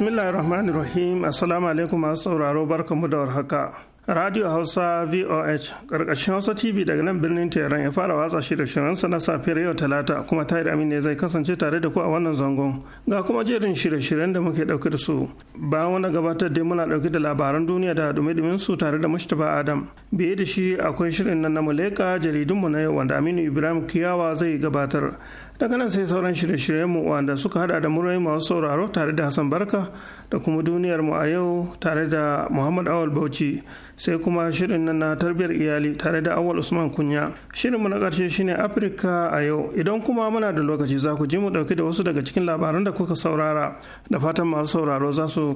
rahim Assalamu alaikum masu sauraro barkamu da warhaka. Radio Hausa VOH karkashin Hausa TV daga nan birnin Tehran ya fara watsa shi da shirinsa na safiyar yau Talata kuma Tahir Amin ne zai kasance tare da ku a wannan zangon. Ga kuma jerin shirye-shiryen da muke dauke da su. bayan wanda gabatar dai muna ɗauke da labaran duniya da dumin su tare da mustapha adam biye da shi akwai shirin na muleka jaridunmu na yau wanda aminu ibrahim kiyawa zai gabatar daga nan sai sauran shirye-shiryenmu wanda suka hada da murai masu sauraro tare da hassan barka da kuma duniyarmu a yau tare da muhammad awal bauchi sai kuma shirin nan na tarbiyyar iyali tare da awal usman kunya shirin mu na karshe shine afirka a yau idan kuma muna da lokaci za ku ji mu dauke da wasu daga cikin labaran da kuka saurara da fatan masu sauraro za su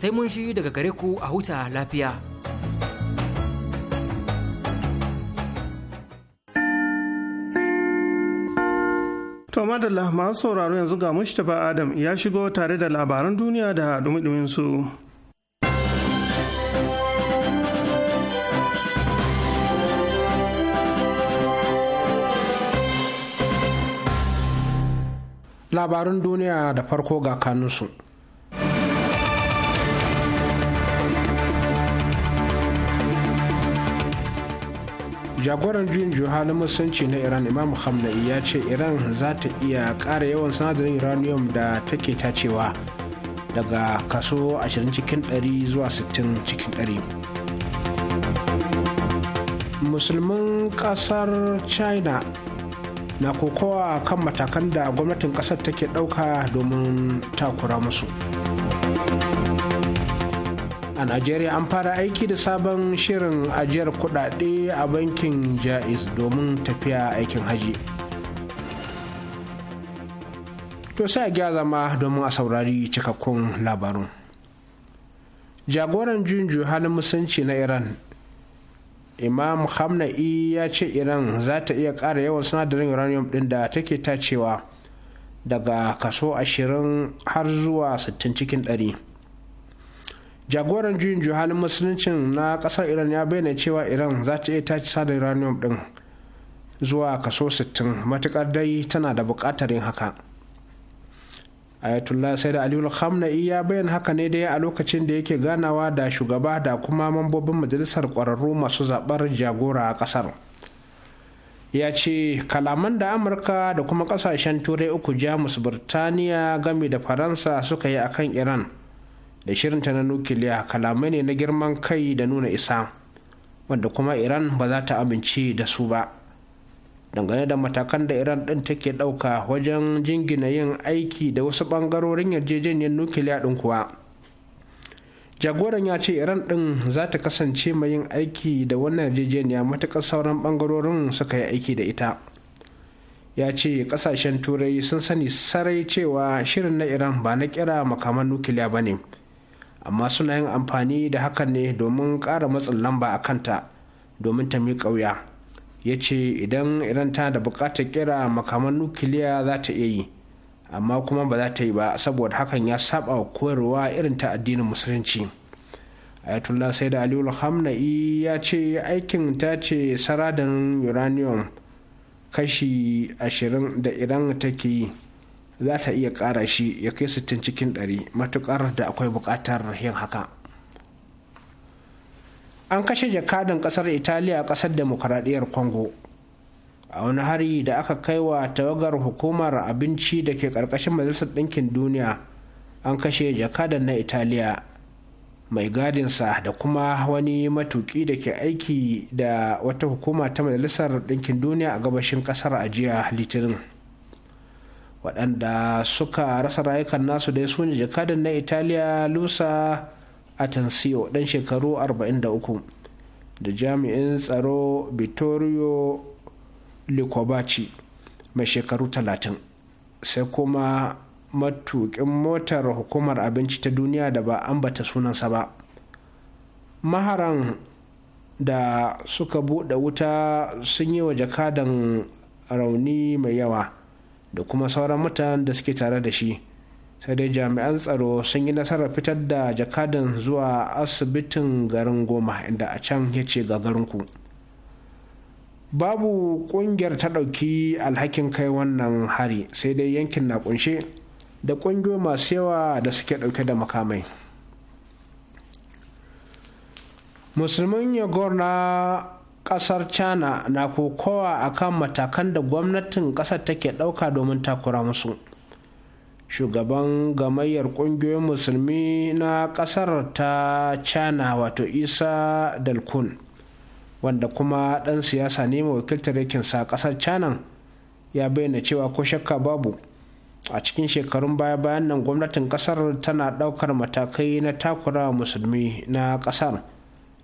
sai mun shi daga gare ku a huta lafiya. To madalla masu sauraro yanzu ga Mustapha Adam ya shigo tare da labaran duniya da dumi su. Labarin duniya da farko ga kanunsu. jagoran juyin juha na masanci na iran imam hamna'i ya ce iran za ta iya ƙara yawan sinadarin uranium da take tacewa daga kaso 20 cikin 100 zuwa 60 cikin 100 musulmin kasar china na kokowa kan matakan da gwamnatin kasar take ɗauka domin takura musu a najeriya an fara aiki da sabon shirin ajiyar kudade a bankin jaiz domin tafiya aikin haji to sai a gya zama domin a saurari cikakkun labarun jagoran junju halin musanci na iran imam hamna'i ya ce iran za ta iya ƙara yawan sinadarin uranium ɗin da take tacewa daga kaso 20 har zuwa 60 cikin ɗari. jagoran juyin halin musuluncin na kasar iran ya bayyana cewa iran za ta iya tace sada uranium din zuwa kaso 60 matukar dai tana da bukatar yin haka ayatollah sai da aliyu khamnai ya bayyana haka ne dai a lokacin da yake ganawa da shugaba da kuma mambobin majalisar kwararru masu zabar jagora a kasar ya ce kalaman da amurka da kuma kasashen turai uku jamus birtaniya Gami da faransa suka yi akan iran da shirinta na nukiliya kalamai ne na girman kai da nuna isa wanda kuma iran ba za ta amince da su ba dangane da matakan da iran din take dauka wajen jingina yin aiki da wasu bangarorin yarjejeniyar nukiliya din kuwa jagoran ya ce iran din za ta kasance mai yin aiki da wannan yarjejeniya matuƙar sauran bangarorin suka yi aiki da ita ya ce kasashen turai sun sani sarai cewa shirin na iran ba na kira makaman nukiliya ba ne amma suna yin amfani da hakan ne domin ƙara matsin lamba a kanta domin ta miƙa wuya ya ce idan iran ta da buƙatar kira makaman nukiliya za ta iya yi amma kuma ba za ta yi ba saboda hakan ya saba koyarwa irin ta addinin musulunci ayatollah sai da aliyu hamna'i ya ce aikin ta ce saradin uranium kashi ashirin da iran take yi za ta iya ƙara shi ya kai sittin cikin ɗari matuƙar da akwai buƙatar yin haka an kashe jakadan ƙasar italiya a ƙasar demokaradiyyar congo a wani hari da aka kai wa tawagar hukumar abinci da ke ƙarƙashin majalisar ɗinkin duniya an kashe jakadan na italiya mai gadinsa da kuma wani matuƙi da ke aiki da wata hukuma ta majalisar ɗinkin duniya a gabashin ƙasar a jiya litinin waɗanda suka rasa rayukan nasu dai su suna jakadan na italiya lusa atansiyo ɗan shekaru 43 da jami'in tsaro vittorio licobaci mai shekaru 30 sai kuma matuƙin motar hukumar abinci ta duniya da ba ambata sunansa ba maharan da suka buɗe wuta sun yi wa jakadan rauni mai yawa da kuma sauran mutanen da suke tare da shi sai dai jami'an tsaro sun yi nasarar fitar da jakadan zuwa asibitin garin goma inda a can ya ce ga garinku babu kungiyar ta ɗauki alhakin kai wannan hari sai dai yankin na kunshe da ƙungiyoyi masu yawa da suke ɗauke da makamai musulmin yagor na kasar china na kokowa akan matakan da gwamnatin kasar take dauka domin takura musu shugaban gamayyar kungiyoyin musulmi na kasar ta china wato isa dalkun wanda kuma dan siyasa ne mai wakiltar sa kasar china ya bayyana cewa ko shakka babu a cikin shekarun baya bayan nan gwamnatin kasar tana daukar matakai na takura musulmi na kasar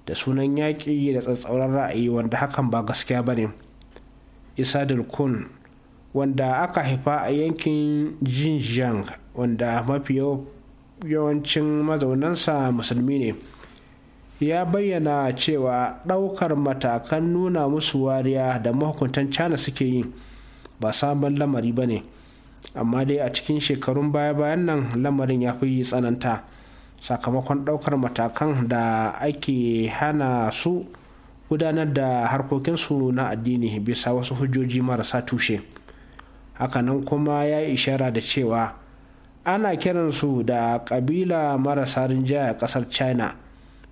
da sunan yaƙi da tsatsauran ra'ayi wanda hakan ba gaskiya ba ne isa kun wanda aka haifa a yankin jinjiang wanda mafi yawancin mazaunansa musulmi ne ya bayyana cewa ɗaukar matakan nuna musu wariya da mahukuntan china suke yi ba sabon lamari ba ne amma dai a cikin shekarun baya-bayan nan lamarin ya fi tsananta sakamakon daukar matakan da ake hana su gudanar da harkokinsu na addini bisa wasu hujjoji marasa tushe hakanan kuma ya ishara da cewa ana kiransu da kabila marasa rinjaya kasar china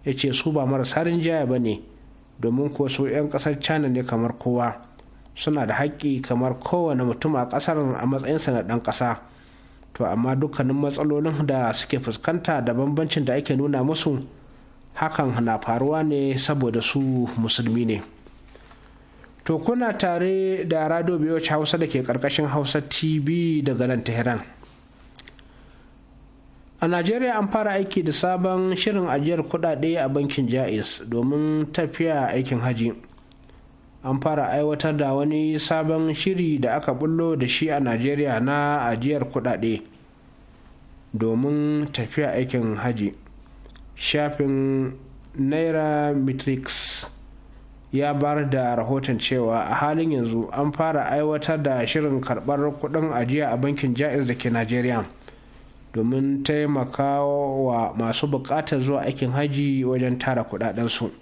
ya ce su ba marasa rinjaya ba ne domin ko su 'yan kasar china ne kamar kowa suna da haƙƙi kamar kowane mutum a ƙasar a matsayinsa na ɗan ƙasa to amma dukkanin matsalolin da suke fuskanta da bambancin da ake nuna musu hakan na faruwa ne saboda su musulmi ne to kuna tare da radio wacce hausa da ke karkashin hausa tv daga nan tehran a najeriya an fara aiki da sabon shirin ajiyar kudade a bankin jais domin tafiya aikin haji an fara aiwatar da wani sabon shiri da aka bullo da shi a najeriya na ajiyar kudade domin tafiya aikin haji shafin naira matrix ya bar da rahoton cewa a halin yanzu an fara aiwatar da shirin karbar kudin ajiya a bankin jaiz da ke najeriya domin taimaka wa masu bukatar zuwa aikin haji wajen tara kudadensu. su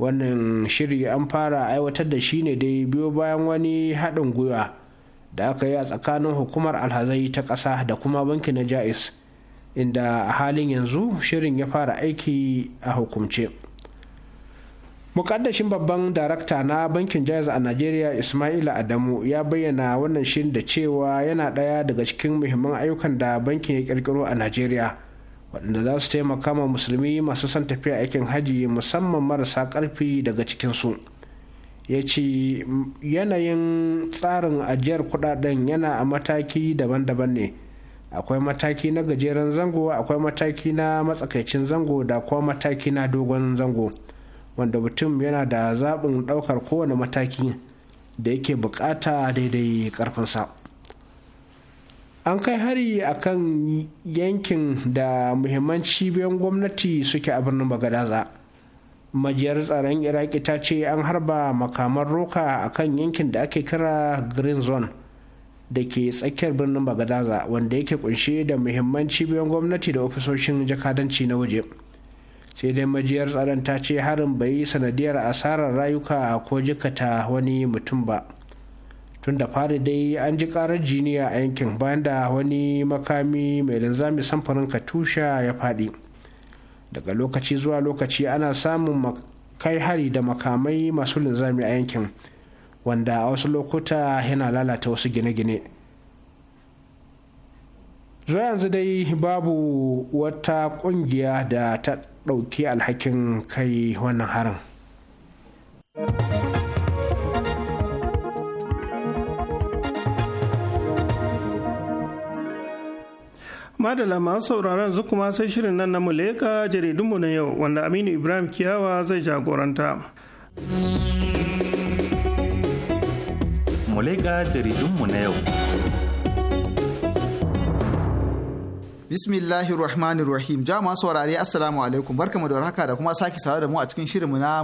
wannan shiri an fara aiwatar da shi ne dai biyo bayan wani haɗin gwiwa da aka yi a tsakanin hukumar alhazai ta ƙasa da kuma banki na jais inda a halin yanzu shirin ya fara aiki a hukumce mukaddashin babban darakta na bankin jais a najeriya ismaila adamu ya bayyana wannan shirin da cewa yana ɗaya daga cikin muhimman ayyukan da bankin ya ƙirƙiro a najeriya waɗanda za su taimaka ma musulmi masu son tafiya aikin haji musamman marasa ƙarfi daga cikinsu ya ce yanayin tsarin ajiyar kudaden yana a mataki daban-daban ne akwai mataki na gajeren zango akwai mataki na matsakaicin zango da kuma mataki na dogon zango wanda mutum yana da zaɓin ɗaukar kowane mataki da yake buƙata daidai ƙarfinsa. an kai hari a kan yankin da muhimman cibiyan gwamnati suke a birnin bagadaza majiyar tsaron iraki ta ce an harba makaman roka a kan yankin da ake kira green zone da ke tsakiyar birnin bagadaza wanda yake kunshe da muhimman cibiyan gwamnati da ofisoshin jakadanci na waje sai dai majiyar tsaron ta ce harin bai sanadiyar asarar rayuka ko jikata wani mutum ba. tun da fari dai an ji karar jini a yankin bayan da wani makami mai linzami samfurin katusha ya faɗi daga lokaci zuwa lokaci ana samun kai hari da makamai masu linzami a yankin wanda a wasu lokuta yana lalata wasu gine-gine zuwa yanzu dai babu wata kungiya da ta ɗauki alhakin kai wannan harin. Madala masu sauraron zu kuma sai shirin nan na muleka jaridunmu na yau wanda Aminu Ibrahim Kiyawa zai jagoranta. Muleka jaridunmu na yau. Bismillahir Rahmanir Rahim. Ja masu saurare Assalamu alaikum. Barkamu da warhaka da kuma sake sawa da mu a cikin shirinmu na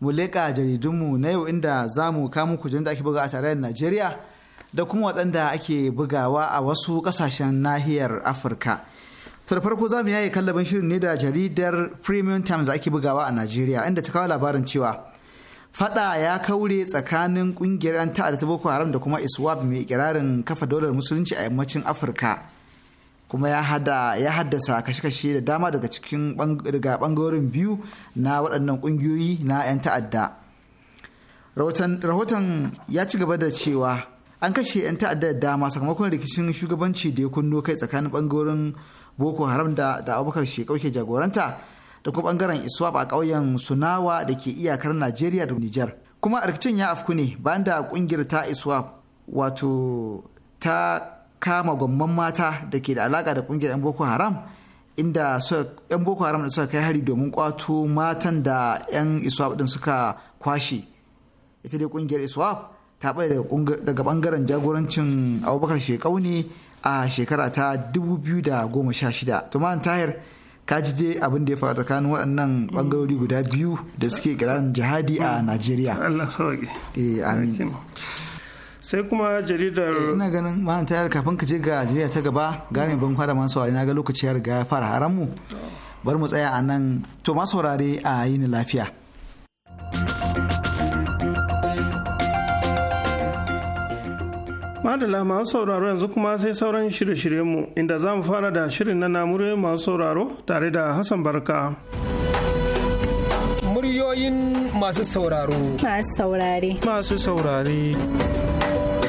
muleka jaridunmu na yau inda za mu kawo muku da ake buga a tarayyar Najeriya. da kuma waɗanda ake bugawa a wasu ƙasashen nahiyar afirka to da farko za mu yaye kallabin shirin ne da jaridar premium times da ake bugawa a najeriya inda ta kawo labarin cewa fada ya kaure tsakanin ƙungiyar 'yan ta'adda ta boko haram da kuma iswap mai kirarin kafa dolar musulunci a yammacin afirka kuma ya haddasa kashe-kashe da dama daga cikin daga bangarorin biyu na waɗannan ƙungiyoyi na 'yan ta'adda rahoton ya ci gaba da cewa an kashe 'yan ta'adda da dama sakamakon rikicin shugabanci da ya kunno kai tsakanin bangarorin boko haram da da abubakar shekau ke jagoranta da kuma bangaren iswap a ƙauyen sunawa da ke iyakar najeriya da nijar kuma rikicin ya afku ne bayan da kungiyar ta iswap wato ta kama gwamman mata da ke da alaka da kungiyar 'yan boko haram inda 'yan boko haram da suka kai hari domin kwato matan da 'yan iswap din suka kwashe ita dai kungiyar iswap ta bai daga bangaren jagorancin abubakar shekau ne a shekara ta 2016 tuman tahir ka ji je abin da ya faru tsakanin waɗannan ɓangarori guda biyu da suke kiranin jihadi a najeriya eh, sai kuma jaridar eh, ina ganin ma'an tayar kafin ka je ga jarida ta gaba gane ban kwada masu wari na ga lokaci ya riga ya fara haramu bar mu tsaya a nan to masu saurare a yi ni lafiya Madala masu sauraro yanzu kuma sai sauran shirye mu inda za mu fara da shirin na namure masu sauraro tare da Hassan Barka. Muryoyin masu sauraro. Masu saurare. Masu saurare.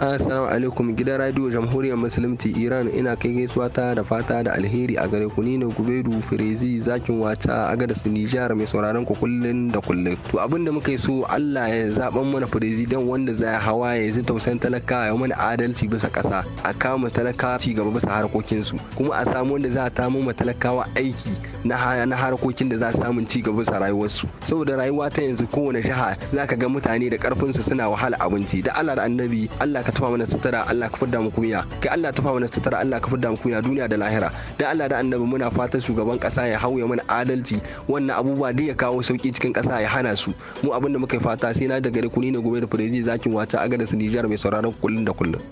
Assalamu alaikum gidan radio jamhuriyar musulunci Iran ina kai gaisuwa ta da fata da alheri a gare ku ni ne Gubedu Firezi zakin wata a gada su Nijar mai sauraron ku kullun da kullun. To abin da muka so Allah ya zaben mana president wanda zai hawa ya zai tausayin talaka ya mana adalci bisa kasa a kama talaka ci gaba bisa harkokin su kuma a samu wanda za a tamo talakawa aiki na na harkokin da za su samu ci gaba bisa rayuwar su saboda rayuwa ta yanzu kowane jiha zaka ga mutane da karfin su suna wahala abinci da Allah da Annabi Allah ka tafa mana sutura Allah ka fidda mu kunya kai Allah tafa mana sutura Allah ka fidda mu kunya duniya da lahira dan Allah da annabi muna fatan shugaban kasa ya hauya mana adalci wannan abubuwa da ya kawo sauki cikin kasa ya hana su mu abinda muka fata sai na daga gare na ne gobe da firezi zakin wata agada su Niger mai sauraron kullun da kullun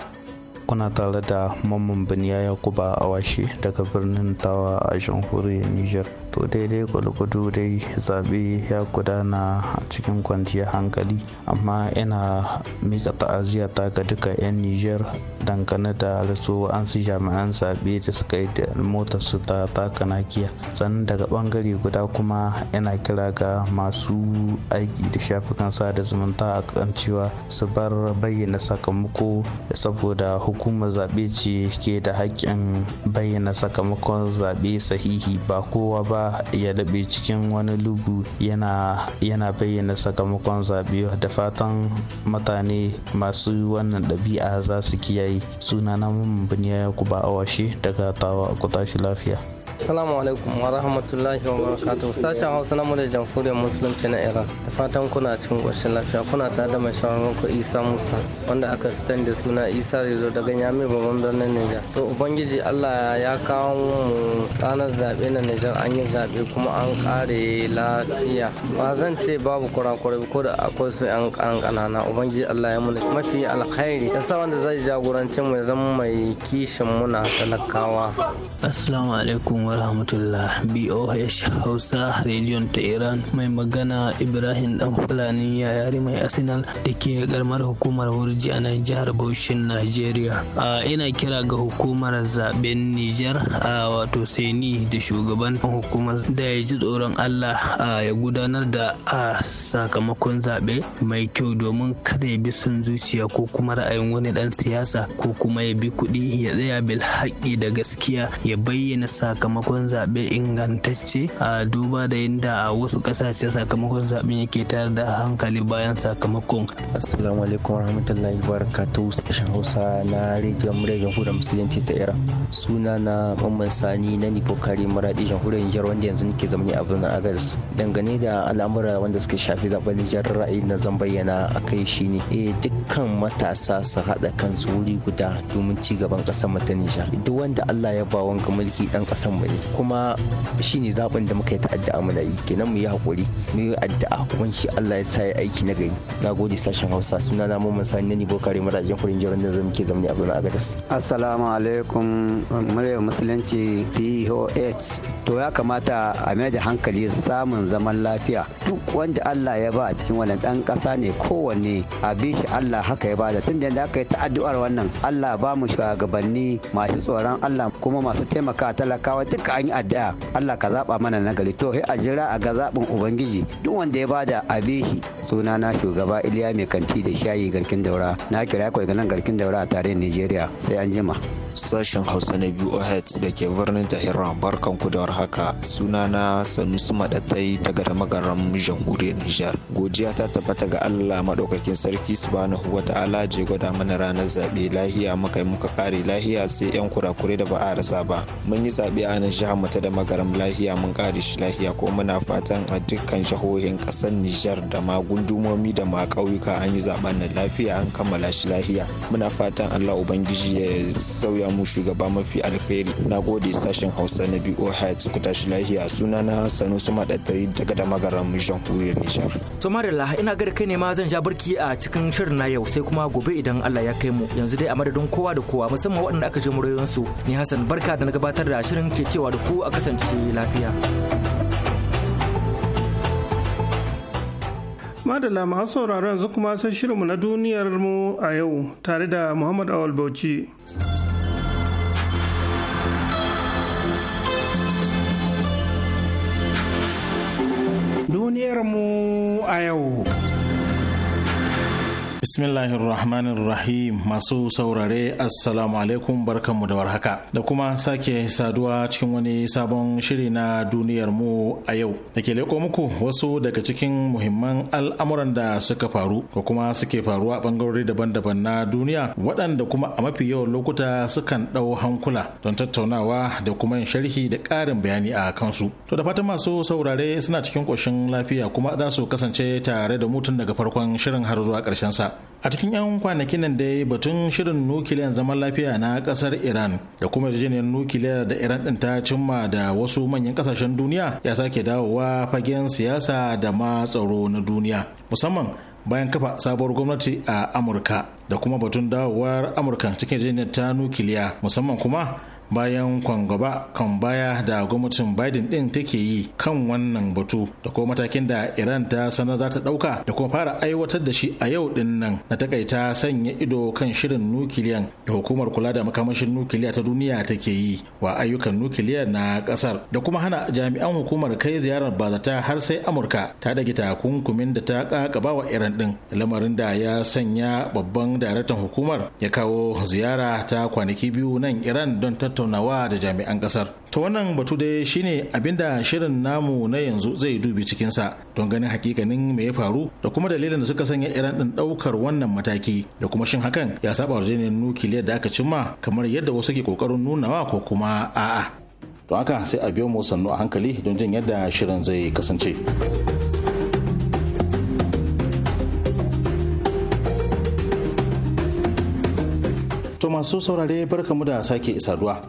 kuna tare da mamman biniya kuba a washe daga birnin tawa a jamhuriyar niger to daidai gwalgwado dai zaɓe ya gudana a cikin kwanciyar hankali amma ina mika ta'aziyya ta ga duka 'yan niger dangane da rasu an su jami'an zaɓe da suka yi da mota su ta taka nakiya sannan daga bangare guda kuma ina kira ga masu aiki da shafukan sada zumunta a kan cewa su bar bayyana sakamako saboda hukumar hukumar zaɓe ce ke da haƙƙin bayyana sakamakon zaɓe sahihi ba kowa ba ya daɓe cikin wani lugu yana bayyana sakamakon zaɓe da fatan mutane masu wannan ɗabi'a za su kiyaye sunana mun biniya ku ba awashe daga tawa ku tashi lafiya Assalamu alaikum wa rahmatullahi wa barakatuh. Sashen Hausa na da Jamhuriyar Musulunci na Iran. Da fatan kuna cikin ƙoshin lafiya kuna ta da mai shawarar ku Isa Musa wanda aka sani da suna Isa Rezo daga Yami babban birnin Nijar. To Ubangiji Allah ya kawo mu ranar zaɓe na Nijar an yi zaɓe kuma an ƙare lafiya. Ba zan ce babu kurakurai ko da akwai su 'yan ƙanƙanana Ubangiji Allah ya muni mafi alkhairi. Yasa wanda zai jagorance mu ya zama mai kishin muna talakawa. Assalamu alaikum wa rahmatullah boh hausa rediyon ta iran mai magana ibrahim dan fulani yayari mai arsenal da ke karamar hukumar wurji a nan jihar bauchin nigeria ina kira ga hukumar zaben niger wato seni da shugaban hukumar da ya ji tsoron allah ya gudanar da a sakamakon zaɓe mai kyau domin kada ya bi son zuciya ko kuma ra'ayin wani ɗan siyasa ko kuma ya bi kuɗi ya tsaya bil haƙƙi da gaskiya ya bayyana sakamakon sakamakon zaɓe ingantacce a duba da yadda a wasu ƙasashe sakamakon zaɓen yake tayar da hankali bayan sakamakon. Assalamu alaikum warahmatullahi wabarakatuh sashen Hausa na rediyon muryar jamhuriyar musulunci ta Iran. Suna na Mamman Sani na Nipokari Maradi jamhuriyar Nijar wanda yanzu nake zamani a birnin Agadez. Dangane da al'amura wanda suka shafi zaɓen Nijar ra'ayi na zan bayyana a kai shine eh duk Kan matasa su haɗa kansu wuri guda domin ci gaban ƙasar mu ta Nijar duk wanda Allah ya ba wanka mulki dan ƙasar mu ne kuma shine zaɓin da muka yi ta addu'a mu yi kenan mu yi hakuri mu yi addu'a kuma shi Allah ya sa ya aiki na gari nagode sashen Hausa suna na Mamman Sani ne Bokare marajin kurin jiran da zamu ke a Agadas Assalamu alaikum muryar musulunci POH to ya kamata a mai da hankali samun zaman lafiya duk wanda Allah ya ba a cikin wannan dan ƙasa ne kowanne a bi shi Allah Allah haka ya bada tun da aka yi ta addu'ar wannan Allah ba mu shugabanni masu tsoron Allah kuma masu taimaka talakawa duka an yi addu'a Allah ka zaba mana nagari to sai a jira a ga zabin ubangiji duk wanda ya bada abihi suna na shugaba Iliya mai kanti da shayi garkin daura na kira kai ganan garkin daura a tarihin Nigeria sai an jima sashen Hausa na biyu ohet da ke birnin tahiran barkan ku da warhaka suna na su Madatai daga da magaran jamhuriyar Nijar godiya ta tabbata ga Allah maɗaukakin sarki subhanahu Wata ta'ala je gwada mana ranar zaɓe lahiya muka yi muka kare lahiya sai yan kurakure da ba a rasa ba mun yi zaɓe a nan jihar mata da magaram lahiya mun kare shi lahiya ko muna fatan a dukkan jihohin ƙasar Nijar da ma gundumomi da ma ƙauyuka an yi zaɓen nan lafiya an kammala shi lahiya muna fatan Allah ubangiji ya sauya mu shugaba mafi alkhairi gode sashen Hausa na VOH ku tashi lahiya Suna na sanusu Madatai daga da magaram jamhuriyar Nijar to ina ga kai ne ma zan ja burki a cikin shirin na yau yau sai kuma gobe idan Allah ya kai mu yanzu dai a madadin kowa da kowa musamman waɗanda aka je murayoyinsu ni Hassan barka da na gabatar da shirin ke cewa da ku a kasance lafiya. Madalla masu sauraron yanzu kuma sai shirinmu na duniyar mu a yau tare da Muhammad Awal Bauchi. Duniyar mu a yau. Bismillahirrahmanirrahim masu saurare assalamu alaikum barkanmu da warhaka da kuma sake saduwa cikin wani sabon shiri na duniyar mu a yau da ke leko muku wasu daga cikin muhimman al'amuran da suka faru ko kuma suke faruwa bangarori daban-daban na duniya waɗanda kuma a mafi yawan lokuta sukan ɗau hankula don tattaunawa da kuma yin sharhi da ƙarin bayani a kansu to da fatan masu saurare suna cikin ƙoshin lafiya kuma za su kasance tare da mutum daga farkon shirin har zuwa ƙarshen sa a cikin 'yan kwanakin nan dai batun shirin nukiliyar zaman lafiya na kasar iran da kuma yarjejeniyar nukiliyar da iran din ta cimma da wasu manyan kasashen duniya ya sake dawowa fagen siyasa da ma tsaro na duniya musamman bayan kafa sabuwar gwamnati a amurka da kuma batun dawowar amurka cikin yarjejeniyar ta nukiliya musamman kuma bayan kwangaba kan baya da gwamnatin biden din take yi kan wannan batu da kuma matakin da iran ta sanar za ta dauka da kuma fara aiwatar da shi a yau din nan na takaita sanya ido kan shirin nukiliyan da hukumar kula da makamashin nukiliya ta duniya take yi wa ayyukan nukiliya na kasar da kuma hana jami'an hukumar kai ziyarar bazata har sai amurka ta dage takunkumin da ta kakaba wa iran din lamarin da ya sanya babban daraktan hukumar ya kawo ziyara ta kwanaki biyu nan iran don ta tattaunawa da jami'an kasar to wannan batu dai shine abinda shirin namu na yanzu zai dubi cikinsa don ganin hakikanin me ya faru da kuma dalilin da suka sanya iran din daukar wannan mataki da kuma shin hakan ya saba yarjejeniyar nukiliyar da aka cimma kamar yadda wasu ke kokarin nunawa ko kuma a'a to haka sai a biyo mu sannu a hankali don jin yadda shirin zai kasance. to masu saurare mu da sake saduwa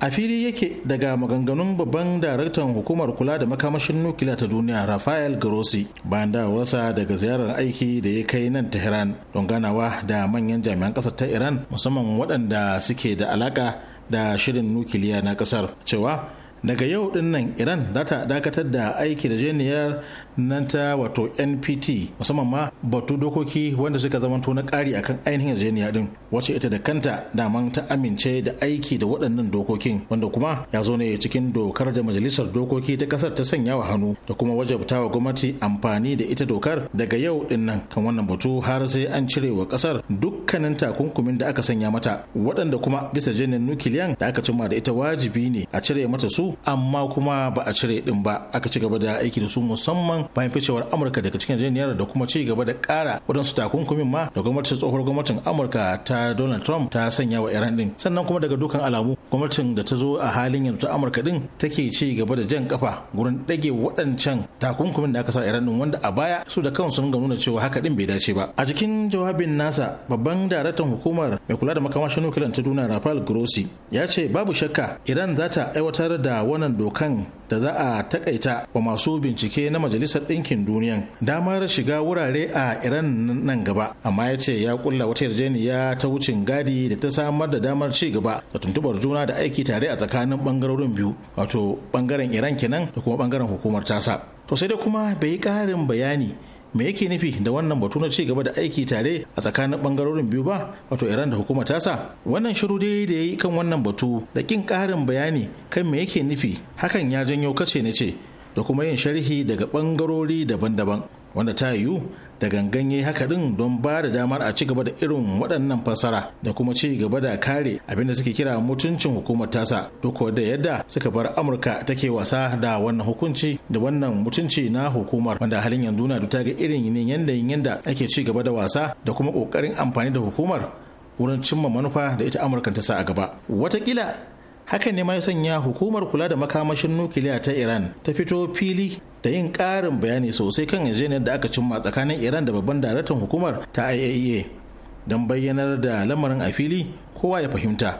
a fili yake daga maganganun babban daraktan hukumar kula da makamashin nukiliya ta duniya rafael grossi bayan dawarsa daga ziyarar aiki da ya kai nan tehran don ganawa da manyan jami'an kasar ta iran musamman waɗanda suke da alaka da shirin nukiliya na kasar cewa daga yau din nan iran za ta dakatar da aiki da jeniyar nan ta wato npt musamman ma batu dokoki wanda suka zamanto na kari akan ainihin jeniya din wacce ita da kanta daman ta amince da aiki da waɗannan dokokin wanda kuma ya zo ne cikin dokar da majalisar dokoki ta kasar ta sanya wa hannu da kuma wajabta wa gwamnati amfani da ita dokar daga yau din nan kan wannan batu har sai an cire wa kasar dukkanin takunkumin da aka sanya mata waɗanda kuma bisa jenin nukiliyan da aka cimma da ita wajibi ne a cire mata su amma kuma ba a cire din ba aka ci gaba da aiki da su musamman bayan ficewar amurka daga cikin jiniyar da kuma ci gaba da kara waɗansu takunkumin ma da gwamnatin tsohuwar gwamnatin amurka ta donald trump ta sanya wa iran din sannan kuma daga dukan alamu gwamnatin da ta zo a halin yanzu ta amurka din take ci gaba da jan kafa gurin dage waɗancan takunkumin da aka sa iran din wanda a baya su da kansu sun ga nuna cewa haka din bai dace ba a cikin jawabin nasa babban daraktan hukumar mai kula da makamashin nukiliyar ta duniya rafael grossi ya ce babu shakka iran za ta aiwatar da wannan dokan da za a takaita wa masu bincike na majalisar ɗinkin duniyan damar shiga wurare a iran nan gaba amma ya ce ya kulla wata yarjejeniya ta wucin gadi da ta samar da damar ci gaba da tuntubar juna da aiki tare a tsakanin bangarorin biyu wato bangaren iran kenan da kuma bangaren hukumar tasa to sai dai kuma bai yi ƙarin bayani me yake nufi da wannan batu na ci gaba da aiki tare a tsakanin bangarorin biyu ba wato iran da hukumar tasa wannan shiru dai da ya yi kan wannan batu da kin karin bayani kan me yake nufi hakan ya janyo kace ne ce da kuma yin sharhi daga bangarori daban-daban wanda ta yiwu da gangan yi haka din don ba da damar a ci gaba da irin waɗannan fasara da kuma ci gaba da kare abin da suke kira mutuncin hukumar tasa duk da yadda suka bar amurka take wasa da wannan hukunci da wannan mutunci na hukumar wanda halin yanzu na ta ga irin yinin yanda yanda ake ci gaba da wasa da kuma ƙoƙarin amfani da hukumar wurin cimma manufa da ita amurka ta sa a gaba watakila hakan ne ma ya sanya hukumar kula da makamashin nukiliya ta iran ta fito fili da yin ƙarin bayani sosai kan yarjejeniyar da aka cimma tsakanin iran da babban daraktan hukumar ta iaea e don bayyanar da lamarin a fili kowa ya fahimta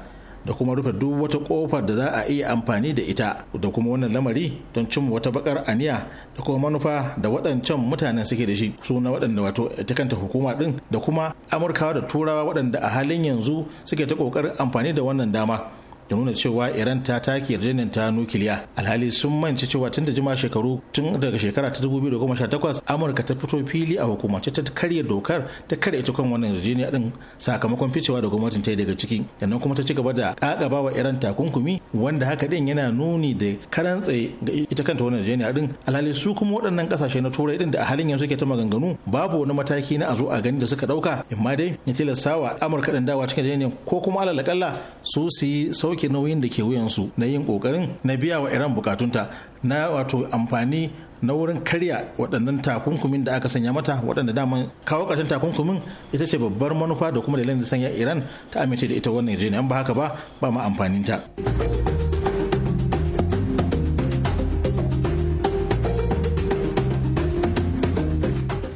da kuma rufe duk wata kofar da za a iya amfani da ita da kuma wannan lamari don cimma wata bakar aniya da kuma manufa da waɗancan mutanen suke da shi su waɗanda wato ita kanta hukuma ɗin da kuma amurkawa da turawa waɗanda a halin yanzu suke ta ƙoƙarin amfani da wannan dama da nuna cewa iran ta take yarjejeniyar ta nukiliya alhali sun mance cewa tun da jima shekaru tun daga shekara ta 2018 amurka ta fito fili a hukumance ta karya dokar ta karya ita kan wannan yarjejeniyar din sakamakon ficewa da gwamnatin ta daga ciki sannan kuma ta ci gaba da kakaba wa iran takunkumi wanda haka din yana nuni da karan tsaye ga ita kanta wannan yarjejeniyar din alhali su kuma waɗannan kasashe na turai din da a halin yanzu ke ta maganganu babu wani mataki na a zo a gani da suka ɗauka imma dai ya tilastawa amurka ɗin dawa cikin yarjejeniyar ko kuma alalakalla su su yi ɗauke nauyin da ke wuyansu na yin kokarin na biya wa iran bukatunta na wato amfani na wurin karya waɗannan takunkumin da aka sanya mata waɗanda daman kawo ƙarshen takunkumin ita ce babbar manufa da kuma dalilin da sanya iran ta amince da ita wannan yarjejeniya ba haka ba ba ma amfanin ta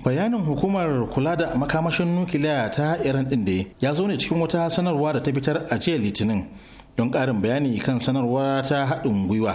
bayanin hukumar kula da makamashin nukiliya ta iran ɗin da ya zo ne cikin wata sanarwa da ta fitar a jiya litinin don karin bayani kan sanarwa ta haɗin gwiwa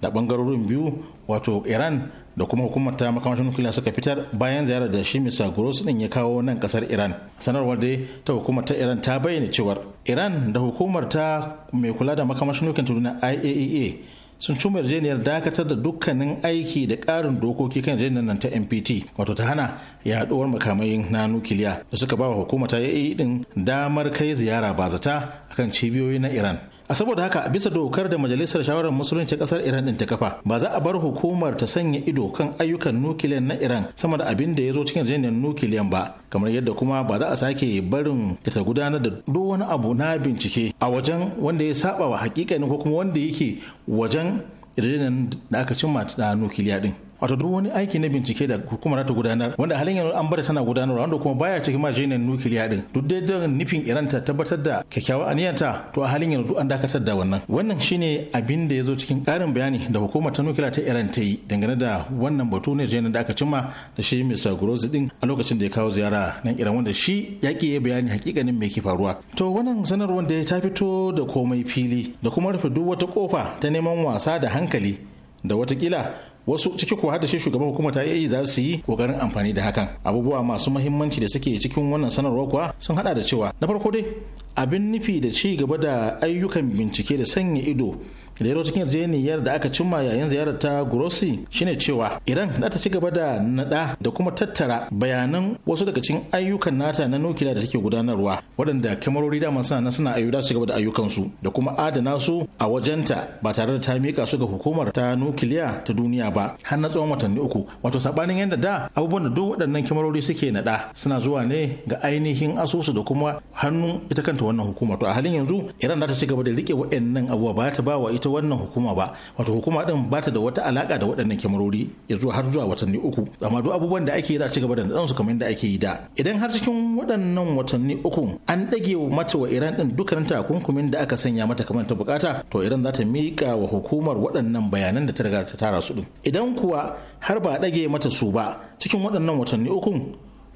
da bangarorin biyu wato iran da kuma hukumar ta makamashin nukiliya suka fitar bayan ziyarar da shi misa gross din ya kawo nan kasar iran sanarwar dai ta hukumar ta iran ta bayyana cewar iran da hukumar ta mai kula da makamashin nukiliya na iaea e sun cuma yarjejeniyar dakatar da dukkanin aiki da karin dokoki kan yarjejeniyar nan ta NPT wato ta hana yaduwar makamai na nukiliya da suka ba wa hukumar ta yi e din damar kai ziyara ba zata akan cibiyoyi na Iran. a saboda haka bisa dokar da majalisar shawarar musulunci kasar iran din ta kafa ba za a bar hukumar ta sanya ido kan ayyukan nukiliyan na iran sama da abin da ya zo cikin yarjejeniyar nukiliyan ba kamar yadda kuma ba za a sake barin ta ta gudanar da duk wani abu na bincike a wajen wanda ya saba wa hakikanin ko kuma wanda yake wajen yarjejeniyar da aka cimma ta nukiliya din wato duk wani aiki na bincike da hukumar ta gudanar wanda halin yanzu an bar tana gudanarwa wanda kuma baya cikin majinin nukiliya din duk dai don nufin iran ta tabbatar da kyakkyawar aniyarta. to a halin yanzu an dakatar da wannan wannan shine abin da ya zo cikin karin bayani da hukumar ta nukiliya ta iran ta yi dangane da wannan batu ne jinin da aka cimma da shi mr grozi din a lokacin da ya kawo ziyara nan iran wanda shi ya ya bayani hakikanin me ke faruwa to wannan sanarwar da ta fito da komai fili da kuma rufe duk wata kofa ta neman wasa da hankali da watakila wasu ciki ko hadda shi shugaban hukumar ta yi za su yi kokarin amfani da hakan abubuwa masu mahimmanci da suke cikin wannan sanarwa kuwa sun hada da cewa na farko dai abin nufi da ci gaba da ayyukan bincike da sanya ido lero cikin yarjejeniyar da aka cimma yayin ziyarar ta grossi shine cewa iran za ta ci gaba da naɗa da kuma tattara bayanan wasu daga cikin ayyukan nata na nukiliya da take gudanarwa waɗanda kamarori dama suna nan suna ayyuka su gaba da ayyukansu da kuma adana su a wajenta ba tare da ta mika su ga hukumar ta nukiliya ta duniya ba har na tsawon watanni uku wato sabanin yadda da abubuwan da duk waɗannan kamarori suke naɗa suna zuwa ne ga ainihin asusu da kuma hannun ita kanta wannan hukumar to a halin yanzu iran za ta ci gaba da rike waɗannan abubuwa ba ta ba wa ita wannan hukuma ba wato hukuma din ba ta da wata alaka da waɗannan kyamarori ya zuwa har zuwa watanni uku amma duk abubuwan da ake yi za ci gaba da dan su kamar yadda ake yi da idan har cikin waɗannan watanni uku an dage mata wa Iran din dukkanin takunkumin da aka sanya mata kamar ta bukata to Iran za ta miƙa wa hukumar waɗannan bayanan da ta riga ta tara su din idan kuwa har ba dage mata su ba cikin waɗannan watanni uku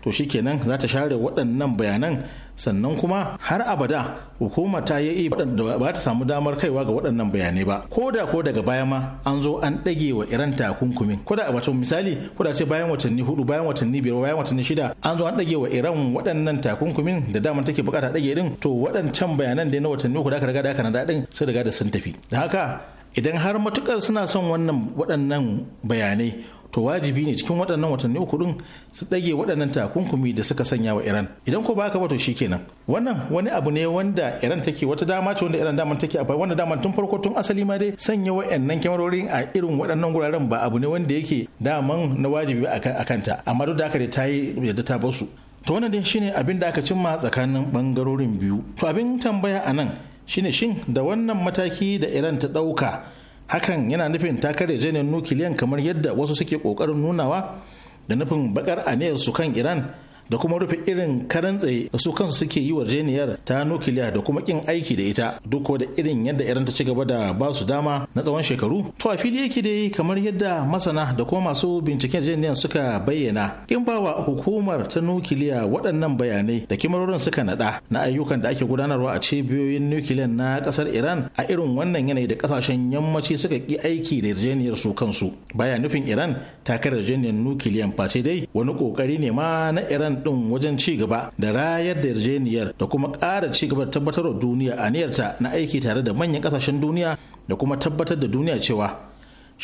to shikenan za ta share waɗannan bayanan sannan kuma har abada hukuma ta yi waɗanda ba ta samu damar kaiwa ga waɗannan bayanai ba ko da ko daga baya ma an zo an ɗage wa iran takunkumin ko da wato misali ko da ce bayan watanni hudu bayan watanni biyar bayan watanni shida an zo an ɗage wa iran waɗannan takunkumin da dama take bukata ɗage din to waɗancan bayanan da na watanni uku da aka riga da aka nada din sun riga da sun tafi da haka idan har matukar suna son wannan waɗannan bayanai to wajibi ne cikin waɗannan watanni uku din su ɗage waɗannan takunkumi da suka sanya wa Iran idan ko ba ka ba to shikenan wannan wani abu ne wanda Iran take wata dama ce wanda Iran daman take akwai wanda daman tun farko tun asali ma dai sanya waɗannan kyamarorin a irin waɗannan guraren ba abu ne wanda yake dama na wajibi a kanta amma duk da haka ta yi yadda ta bar su to wannan dai shine abin da aka cimma tsakanin bangarorin biyu to abin tambaya a nan shine shin da wannan mataki da Iran ta ɗauka hakan yana nufin ta kare nukiliyan kamar yadda wasu suke kokarin nunawa da nufin bakar aniyar su kan iran da kuma rufe irin karan tsaye da su kansu suke yi warjeniyar ta nukiliya da kuma kin aiki da ita duk da irin yadda iran ta ci gaba da ba su dama na tsawon shekaru to a fili yake dai kamar yadda masana da kuma masu binciken yarjejeniyar suka bayyana kin wa hukumar ta nukiliya waɗannan bayanai da kimarorin suka nada na ayyukan da ake gudanarwa a cibiyoyin nukiliyan na ƙasar iran a irin wannan yanayi da ƙasashen yammaci suka ki aiki da yarjejeniyar su kansu baya nufin iran ta kai yarjejeniyar nukiliyan face dai wani ƙoƙari ne ma na iran iran din wajen ci gaba da rayar da yarjeniyar da kuma ƙara ci gaba da tabbatar da duniya aniyarta na aiki tare da manyan ƙasashen duniya da kuma tabbatar da duniya cewa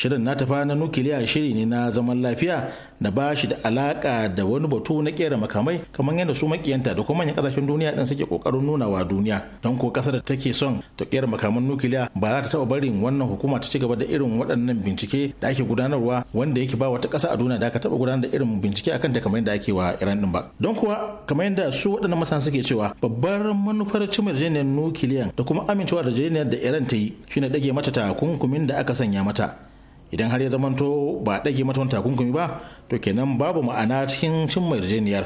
shirin na tafa na nukiliya shiri ne na zaman lafiya da ba shi da alaka da wani batu na kera makamai kamar yadda su makiyanta da kuma manyan kasashen duniya din suke kokarin nuna wa duniya don ko kasar da take son ta kera makaman nukiliya ba za ta taba barin wannan hukuma ta ci gaba da irin waɗannan bincike da ake gudanarwa wanda yake ba wata ƙasa a duniya da aka taba gudanar da irin bincike akan ta kamar yadda ake wa Iran din ba don kuwa kamar yadda su waɗannan masana suke cewa babbar manufar cimma yarjejeniyar nukiliyan da kuma amincewa da yarjejeniyar da Iran ta yi shine dage mata takunkumin da aka sanya mata idan har ya zamanto ba a ɗage mata wani takunkumi ba to kenan babu ma'ana cikin cin mai yarjejeniyar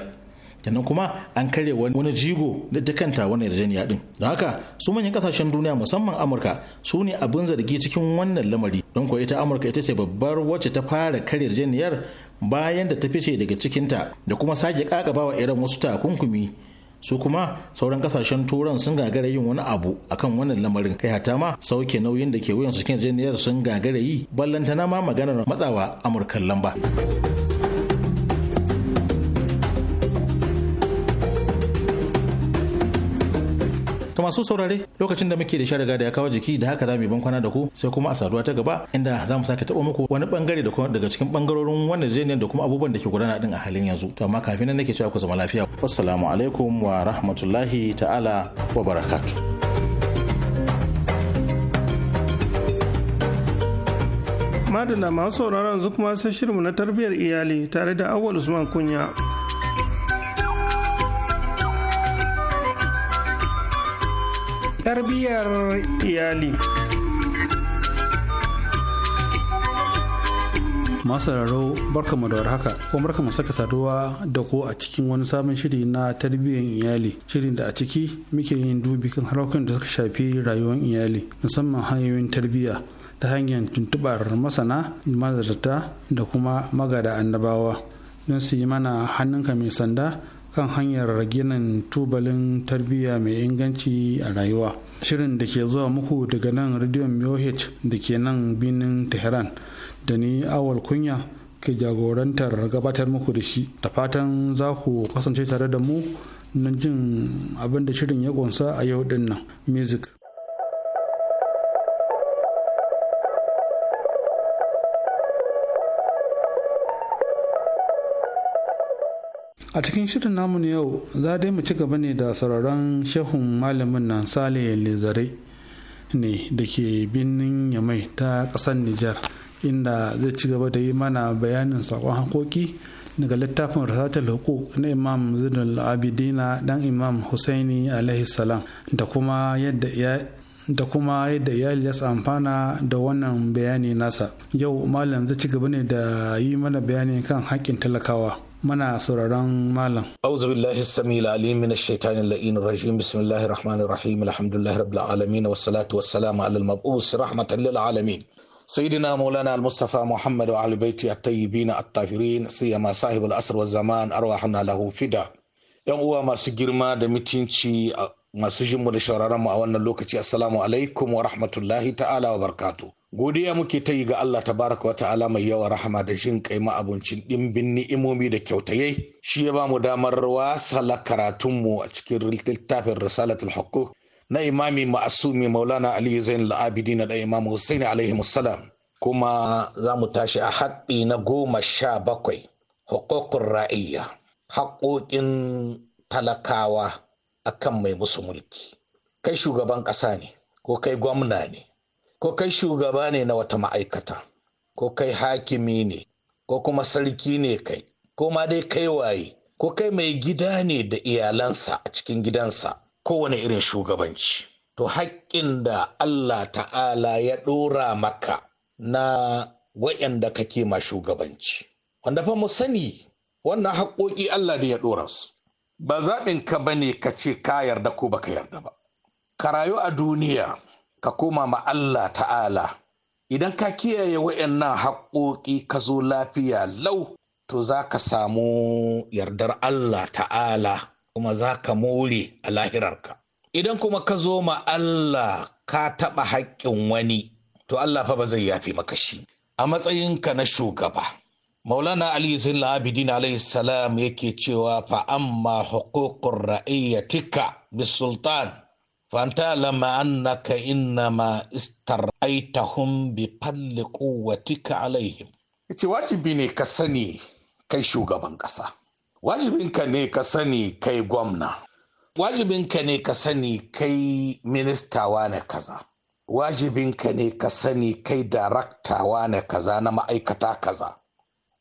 kenan kuma an karya wani jigo da dukanta wani yarjejeniya din don haka su manyan kasashen duniya musamman amurka su ne abin zargi cikin wannan lamari don kuwa ita amurka ita ce babbar wacce ta fara karya yarjejeniyar bayan da ta fice daga cikinta da kuma sake kakabawa irin wasu takunkumi su kuma sauran kasashen turan sun gagara yin wani abu akan wannan lamarin kai hata ma sauke nauyin da ke wuyan su cikin sun gagara yi ballantana ma maganar matsawa amurkan lamba. masu saurare lokacin da muke da shi da ya kawo jiki da haka za mu yi bankwana da ku sai kuma a saduwa ta gaba inda za mu sake taɓa muku wani bangare da kuma daga cikin bangarorin wannan jeniyar da kuma abubuwan da ke gudana din a halin yanzu to amma kafin nan nake cewa ku zama lafiya assalamu alaikum wa rahmatullahi ta'ala wa barakatu. madalla masu sauraron yanzu kuma sai shirinmu na tarbiyyar iyali tare da awwal usman kunya tarbiyyar iyali masu raro barkamu da warhaka ko barkamu saka saduwa da ko a cikin wani sabon shiri na tarbiyyar iyali shirin da a ciki muke yin dubi kan harkokin da suka shafi rayuwar iyali musamman hanyoyin tarbiyya ta hanyar tuntubar masana mazarta da kuma magada annabawa don su yi mana hannunka mai sanda kan hanyar raginan tubalin tarbiyya mai inganci a rayuwa shirin da ke zuwa muku daga nan rediyon miohit da ke nan binin tehran da ni awal kunya ke jagorantar gabatar muku da shi da fatan za ku kasance tare da mu na jin abin da shirin ya ƙunsa a yau dinnan. music a cikin shirin namu na yau za dai mu ci gaba ne da sauraron shehun malamin nan sale lizare ne da ke birnin yamai ta ƙasar nijar inda zai ci gaba da yi mana bayanin saƙon hakoki daga littafin rasatul hukuk na imam zidul abidina dan imam husaini alaihi salam da kuma yadda da kuma yadda iyali ya amfana da wannan bayani nasa yau malam zai ci gaba ne da yi mana bayani kan haƙƙin talakawa muna sauraron malam auzu billahi samil alim min ash-shaytanir la'in rajim bismillahir rahmanir rahim alhamdulillahi rabbil alamin wassalatu wassalamu ala al-mab'us rahmatan lil alamin سيدنا مولانا المصطفى محمد وعلى بيته الطيبين الطاهرين سيما صاحب الأسر والزمان أرواحنا له فدا yan uwa masu girma da mutunci masu jinmu da shawararmu a wannan lokaci assalamu alaikum wa rahmatullahi ta'ala wa barkatu godiya muke ta yi ga Allah tabaraka wa ta'ala mai yawa rahama da jin kai abincin ɗimbin ni'imomi da kyautaye shi ya bamu damar wasala karatunmu a cikin littafin risalatul haqqo na imami ma'asumi maulana ali zain al-abidin da imam husain alaihi salam kuma za mu tashi a haɗi na goma sha bakwai haƙoƙin ra'ayya haƙoƙin talakawa akan mai musu mulki kai shugaban ƙasa ne ko kai gwamna ne ko kai shugaba ne na wata ma'aikata ko kai hakimi ne ko kuma sarki ne kai ko ma dai kai waye ko kai mai gida ne da iyalansa a cikin gidansa kowane irin shugabanci to haƙƙin da Allah ta'ala ya ɗora maka na waɗanda kake ma shugabanci wanda fa mu sani wannan haƙƙoƙi Allah da ya ɗora su ba zaɓin ka bane ka ce ka yarda ko baka yarda ba ka rayu a duniya ka koma ma Allah ta'ala idan ka kiyaye waɗannan haƙoƙi ka zo lafiya lau to za ka samu yardar Allah ta'ala kuma za ka more a lahirarka idan kuma ka zo ma Allah ka taɓa haƙƙin wani to Allah fa ba zai yafi maka shi a matsayinka na shugaba maulana ali zin labidin alayhi salam yake cewa fa amma huququr ra'iyatika bisultan فانتعلم أنك bi falle بفضل قوتك عليهم ce wajibi ne ka sani kai shugaban ƙasa wajibinka ne ka sani kai gwamna wajibinka ne ka sani kai ministawa na kaza wajibinka ne ka sani kai daraktawa na kaza na ma'aikata kaza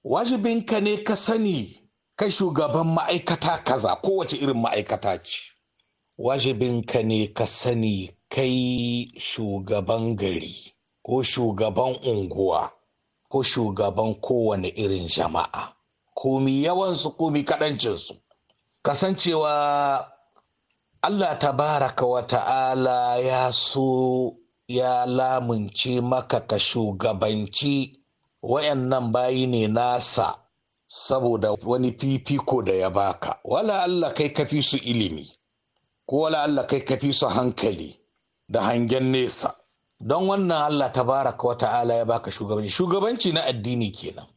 wajibinka ne ka sani kai shugaban ma'aikata kaza kowace irin ma'aikata ce wajibinka ne ka sani kai shugaban gari ko shugaban unguwa ko shugaban kowane irin jama'a komi yawansu komi kaɗancinsu kasancewa allah tabaraka wa ta'ala ya so ya lamunce maka ka shugabanci wayannan bayi ne nasa saboda wani fifiko da ya baka wala allah kai kafi su ilimi ko wala Allah kai ka su hankali da hangen nesa don wannan Allah ta baraka wa ta'ala ya baka shugabanci shugabanci na addini kenan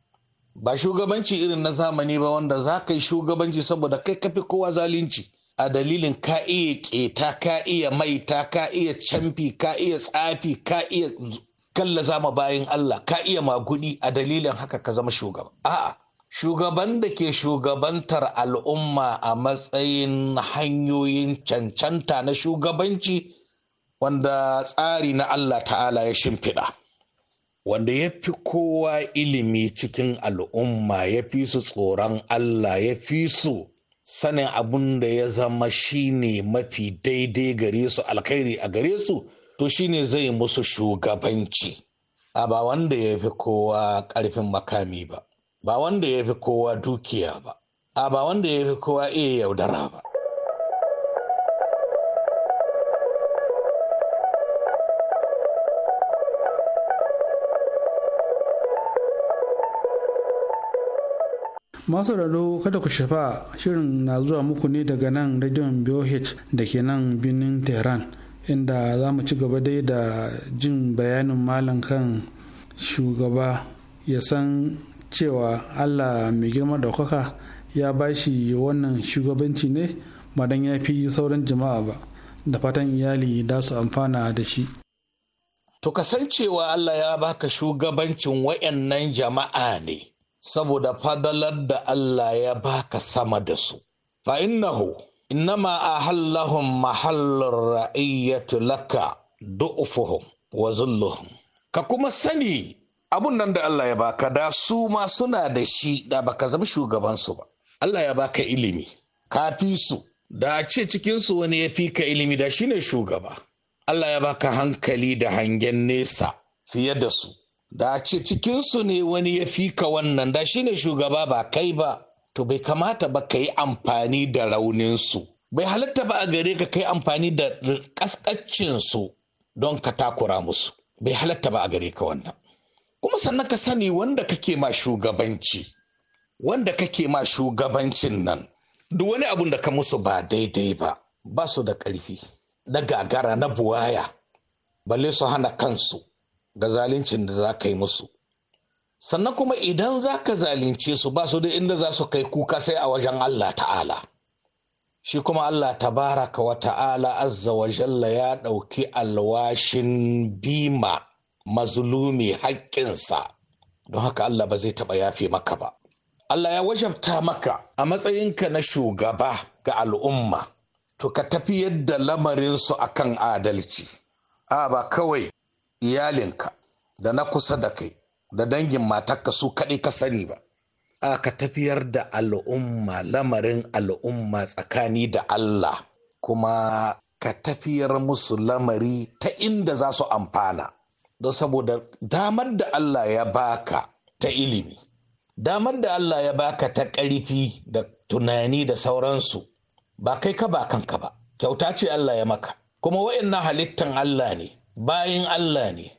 ba shugabanci irin na zamani ba wanda za ka yi shugabanci saboda kai kafi kowa zalunci a dalilin ka iya keta ka iya maita ka iya camfi ka iya tsafi ka iya kalla zama bayan Allah ka iya magudi a dalilin haka ka zama shugaba a'a shugaban da ke shugabantar al'umma a matsayin hanyoyin cancanta na shugabanci wanda tsari na Allah ta'ala ya shimfiɗa wanda ya fi kowa ilimi cikin al'umma ya fi su tsoron Allah ya fi su sanin abin da ya zama shine mafi daidai gare su alkhairi a gare su to shine zai musu shugabanci a ba wanda ya fi kowa ƙarfin makami ba ba wanda ya fi kowa dukiya ba a ba wanda ya fi kowa iya yaudara ba masu raro kada ku shafa shirin na zuwa muku ne daga nan rediyon BOH da ke nan birnin tehran inda za mu ci gaba dai da jin bayanin malam kan shugaba ya san cewa allah mai girma da kwaka ya ba shi wannan shugabanci ne ba don ya fi sauran jama'a ba da fatan iyali da su amfana da shi to kasancewa allah ya baka shugabancin wayannan jama'a ne saboda fadalar da allah ya baka sama da su fa innahu innama hallahun mahallar ra'iyyatu laka du'ufuhum wa zulluhum ka kuma sani abun nan da Allah ya baka da su ma suna da shi da baka zama shugabansu ba Allah ya baka ilimi ka fi su da a ce cikinsu wani ya fi ka ilimi da shine shugaba Allah ya baka hankali da hangen nesa fiye da su da a ce cikinsu ne wani ya fi ka wannan da shine shugaba ba kai ba to bai kamata ba ka yi amfani da rauninsu bai halatta ba a gare ka kai amfani da su don ka takura musu bai halatta ba a gare ka wannan kuma sannan ka sani wanda kake ma shugabanci wanda kake ma shugabancin nan duk wani abun da ka musu ba daidai ba ba su da ƙarfi na gagara na buwaya balle su hana kansu ga zaluncin da za ka yi musu sannan kuma idan za ka zalunce su ba su da inda za su kai kuka sai a wajen Allah ta'ala shi kuma Allah tabaraka wa ta'ala azza wa jalla ya ɗauki alwashin bima mazulumi haƙƙinsa don haka Allah ba zai taɓa yafe maka ba Allah ya wajabta maka a matsayinka na shugaba ga al'umma to ka tafi yadda lamarinsu kan adalci a ba kawai iyalinka da na kusa da kai da dangin matarka su kaɗai ka sani ba a ka tafiyar da al'umma lamarin al'umma tsakani da Allah kuma ka tafiyar musu lamari ta inda za su amfana don saboda damar da Allah ya baka ta ilimi damar da Allah ya baka ta ƙarfi da tunani da sauransu ba kai ka ba kanka ba kyauta ce Allah ya maka kuma wa'annan halittan Allah ne Bayan Allah ne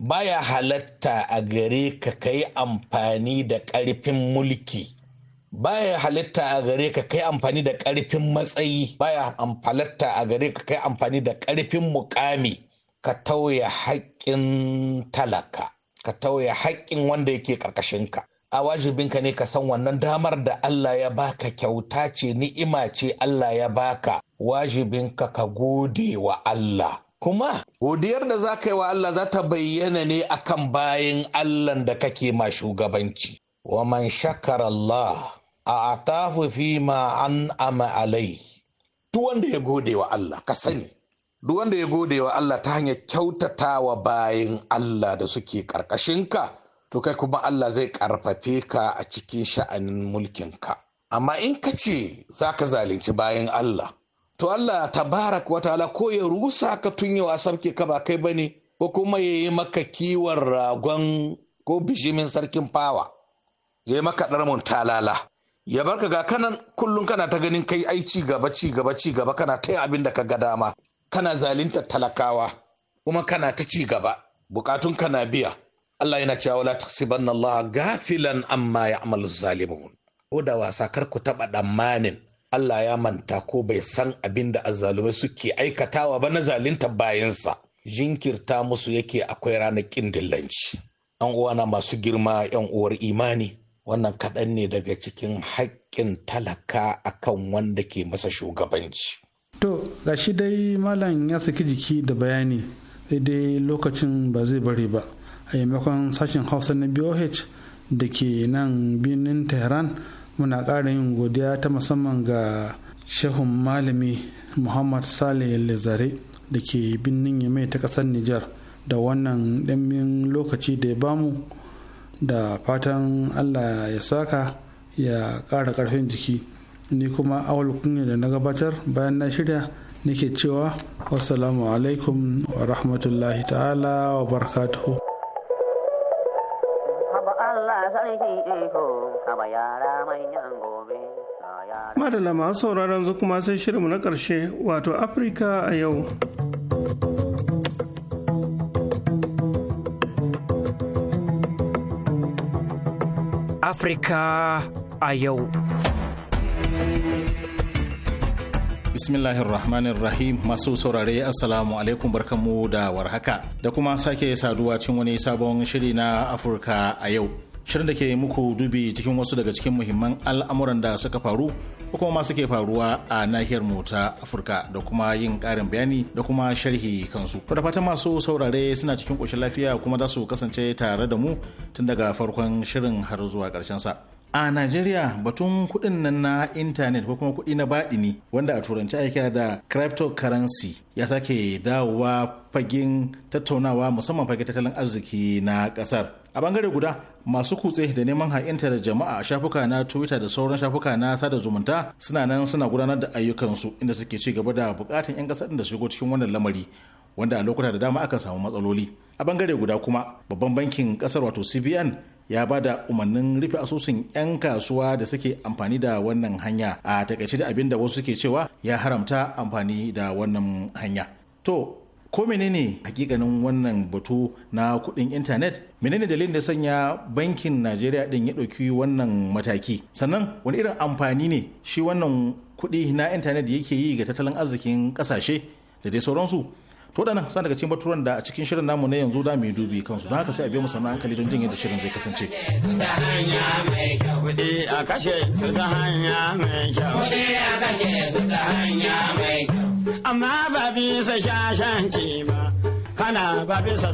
baya halatta a gare ka kai amfani da ƙarfin mulki baya halitta a gare ka kai amfani da ƙarfin matsayi baya halatta a gare ka kai amfani da ƙarfin mukami ka tauya haƙƙin talaka ka tauya haƙƙin wanda yake ka. a wajibinka ne ka san wannan damar da Allah ya baka kyauta ce ni'ima ce Allah ya baka wajibinka ka gode wa Allah kuma godiyar da za ka yi wa Allah za ta bayyana ne akan bayan Allah da kake ma shugabanci wa man shakara Allah a atafu fi ma an ama alai duk wanda ya gode wa Allah ka sani duk wanda ya gode wa Allah ta hanyar kyautata wa bayin Allah da suke ƙarƙashinka to kai kuma Allah zai ƙarfafe ka a cikin sha'anin mulkinka amma in ka ce za ka zalunci bayan Allah to Allah tabarak wa ta'ala ko ya rusa ka tun yawa sarki ka ba kai bane ko kuma ya yi maka kiwon ragon ko bishimin sarkin fawa ya yi maka ɗarmun talala ya barka ga kanan kullum kana ta ganin kai aici gaba ci gaba ci gaba kana ta abin da ka ga dama kana zalintar talakawa kuma kana ta ci gaba bukatun kana biya Allah yana cewa wala tahsiban Allah gafilan amma ya ya'malu zalimun ko da wasa kar ku taba damanin Allah ya manta ko bai san abin da azzalumai suke aikatawa ba na zalintar bayansa jinkirta musu yake akwai ranakin dillanci an uwana masu girma yan uwar imani wannan kaɗan ne daga cikin haƙƙin talaka akan wanda ke masa shugabanci to shi dai malam ya saki jiki da bayani sai dai lokacin ba zai bari ba a yamakon sashen hausa na boh da ke nan birnin tehran muna ƙara yin godiya ta musamman ga shehun malami muhammad saleh lezare da ke birnin yamai ta ƙasar nijar da wannan ɗanbin lokaci da ya bamu da fatan allah ya saka ya ƙara ƙarfin jiki ni kuma awal kunya da na gabatar bayan na shirya nake cewa wasalamu alaikum wa rahmatullahi ta'ala wa barakatuhu madala masu sauraron zuku kuma sai shirinmu na karshe wato afirka a yau afirka a yau Bismillahir Rahmanir Rahim masu saurare Assalamu alaikum mu da warhaka da kuma sake saduwa cikin wani sabon shiri na Afirka a yau. Shirin da ke muku dubi cikin wasu daga cikin muhimman al'amuran da suka faru ko kuma masu ke faruwa a nahiyar mu ta Afirka da kuma yin karin bayani da kuma sharhi kansu. Da fatan masu saurare suna cikin ƙoshin lafiya kuma za su kasance tare da mu tun daga farkon shirin har zuwa ƙarshen sa. a Najeriya batun kuɗin nan na intanet ko kuma kuɗi na baɗi ne wanda a turanci ake kira da cryptocurrency ya sake dawowa fagen tattaunawa musamman fagen tattalin arziki na ƙasar. A bangare guda masu kutse da neman ha'intar da jama'a a shafuka na Twitter da sauran shafuka na sada zumunta suna nan suna gudanar da ayyukansu inda suke ci gaba da bukatan 'yan ƙasar da shigo cikin wannan lamari. wanda a lokuta da dama aka samu matsaloli a bangare guda kuma babban bankin ƙasar wato cbn ya ba da umarnin rufe asusun 'yan kasuwa da suke amfani da wannan hanya a takaice da abin da wasu suke cewa ya haramta amfani da wannan hanya to ko menene hakikanin wannan batu na kudin intanet menene dalilin da sanya bankin najeriya din ya ɗauki wannan mataki sannan wani irin amfani ne shi wannan kudi na intanet yake yi ga tattalin arzikin ƙasashe da dai sauransu to da nan sa daga cikin baturan da a cikin shirin namu na yanzu za mu yi dubi kansu don haka sai a biyo mu sannan hankali don jin yadda shirin zai kasance kuɗi kashe su ta hanya mai kyau kuɗi kashe su ta hanya mai kyau amma ba bisa shashanci ba kana ba bisa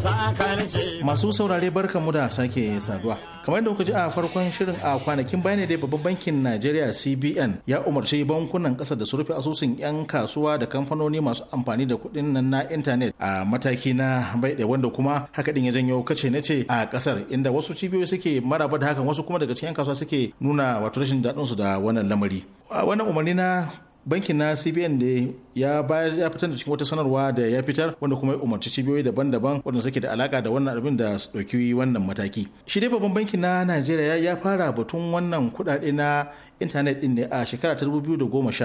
ce. masu saurare mu da sake saduwa kamar da kuka ji a farkon shirin a kwanakin bayan da babban bankin Najeriya CBN ya umarci bankunan kasa da su rufe asusun yan kasuwa da kamfanoni masu amfani da kuɗin nan na intanet a mataki na baiɗe wanda kuma haka din ya janyo kace na ce a kasar inda wasu cibiyoyi suke maraba da hakan wasu kuma daga cikin yan kasuwa suke nuna wato rashin daɗinsu da wannan lamari wannan umarni na banki na cbn ne ya bayar ya fitar da cikin wata sanarwa da ya fitar wanda kuma ya umarci cibiyoyi daban-daban wanda suke da alaka da wannan abin da su ɗauki wannan mataki shi dai babban banki na najeriya ya fara batun wannan kudade na intanet din ne a shekara ta dubu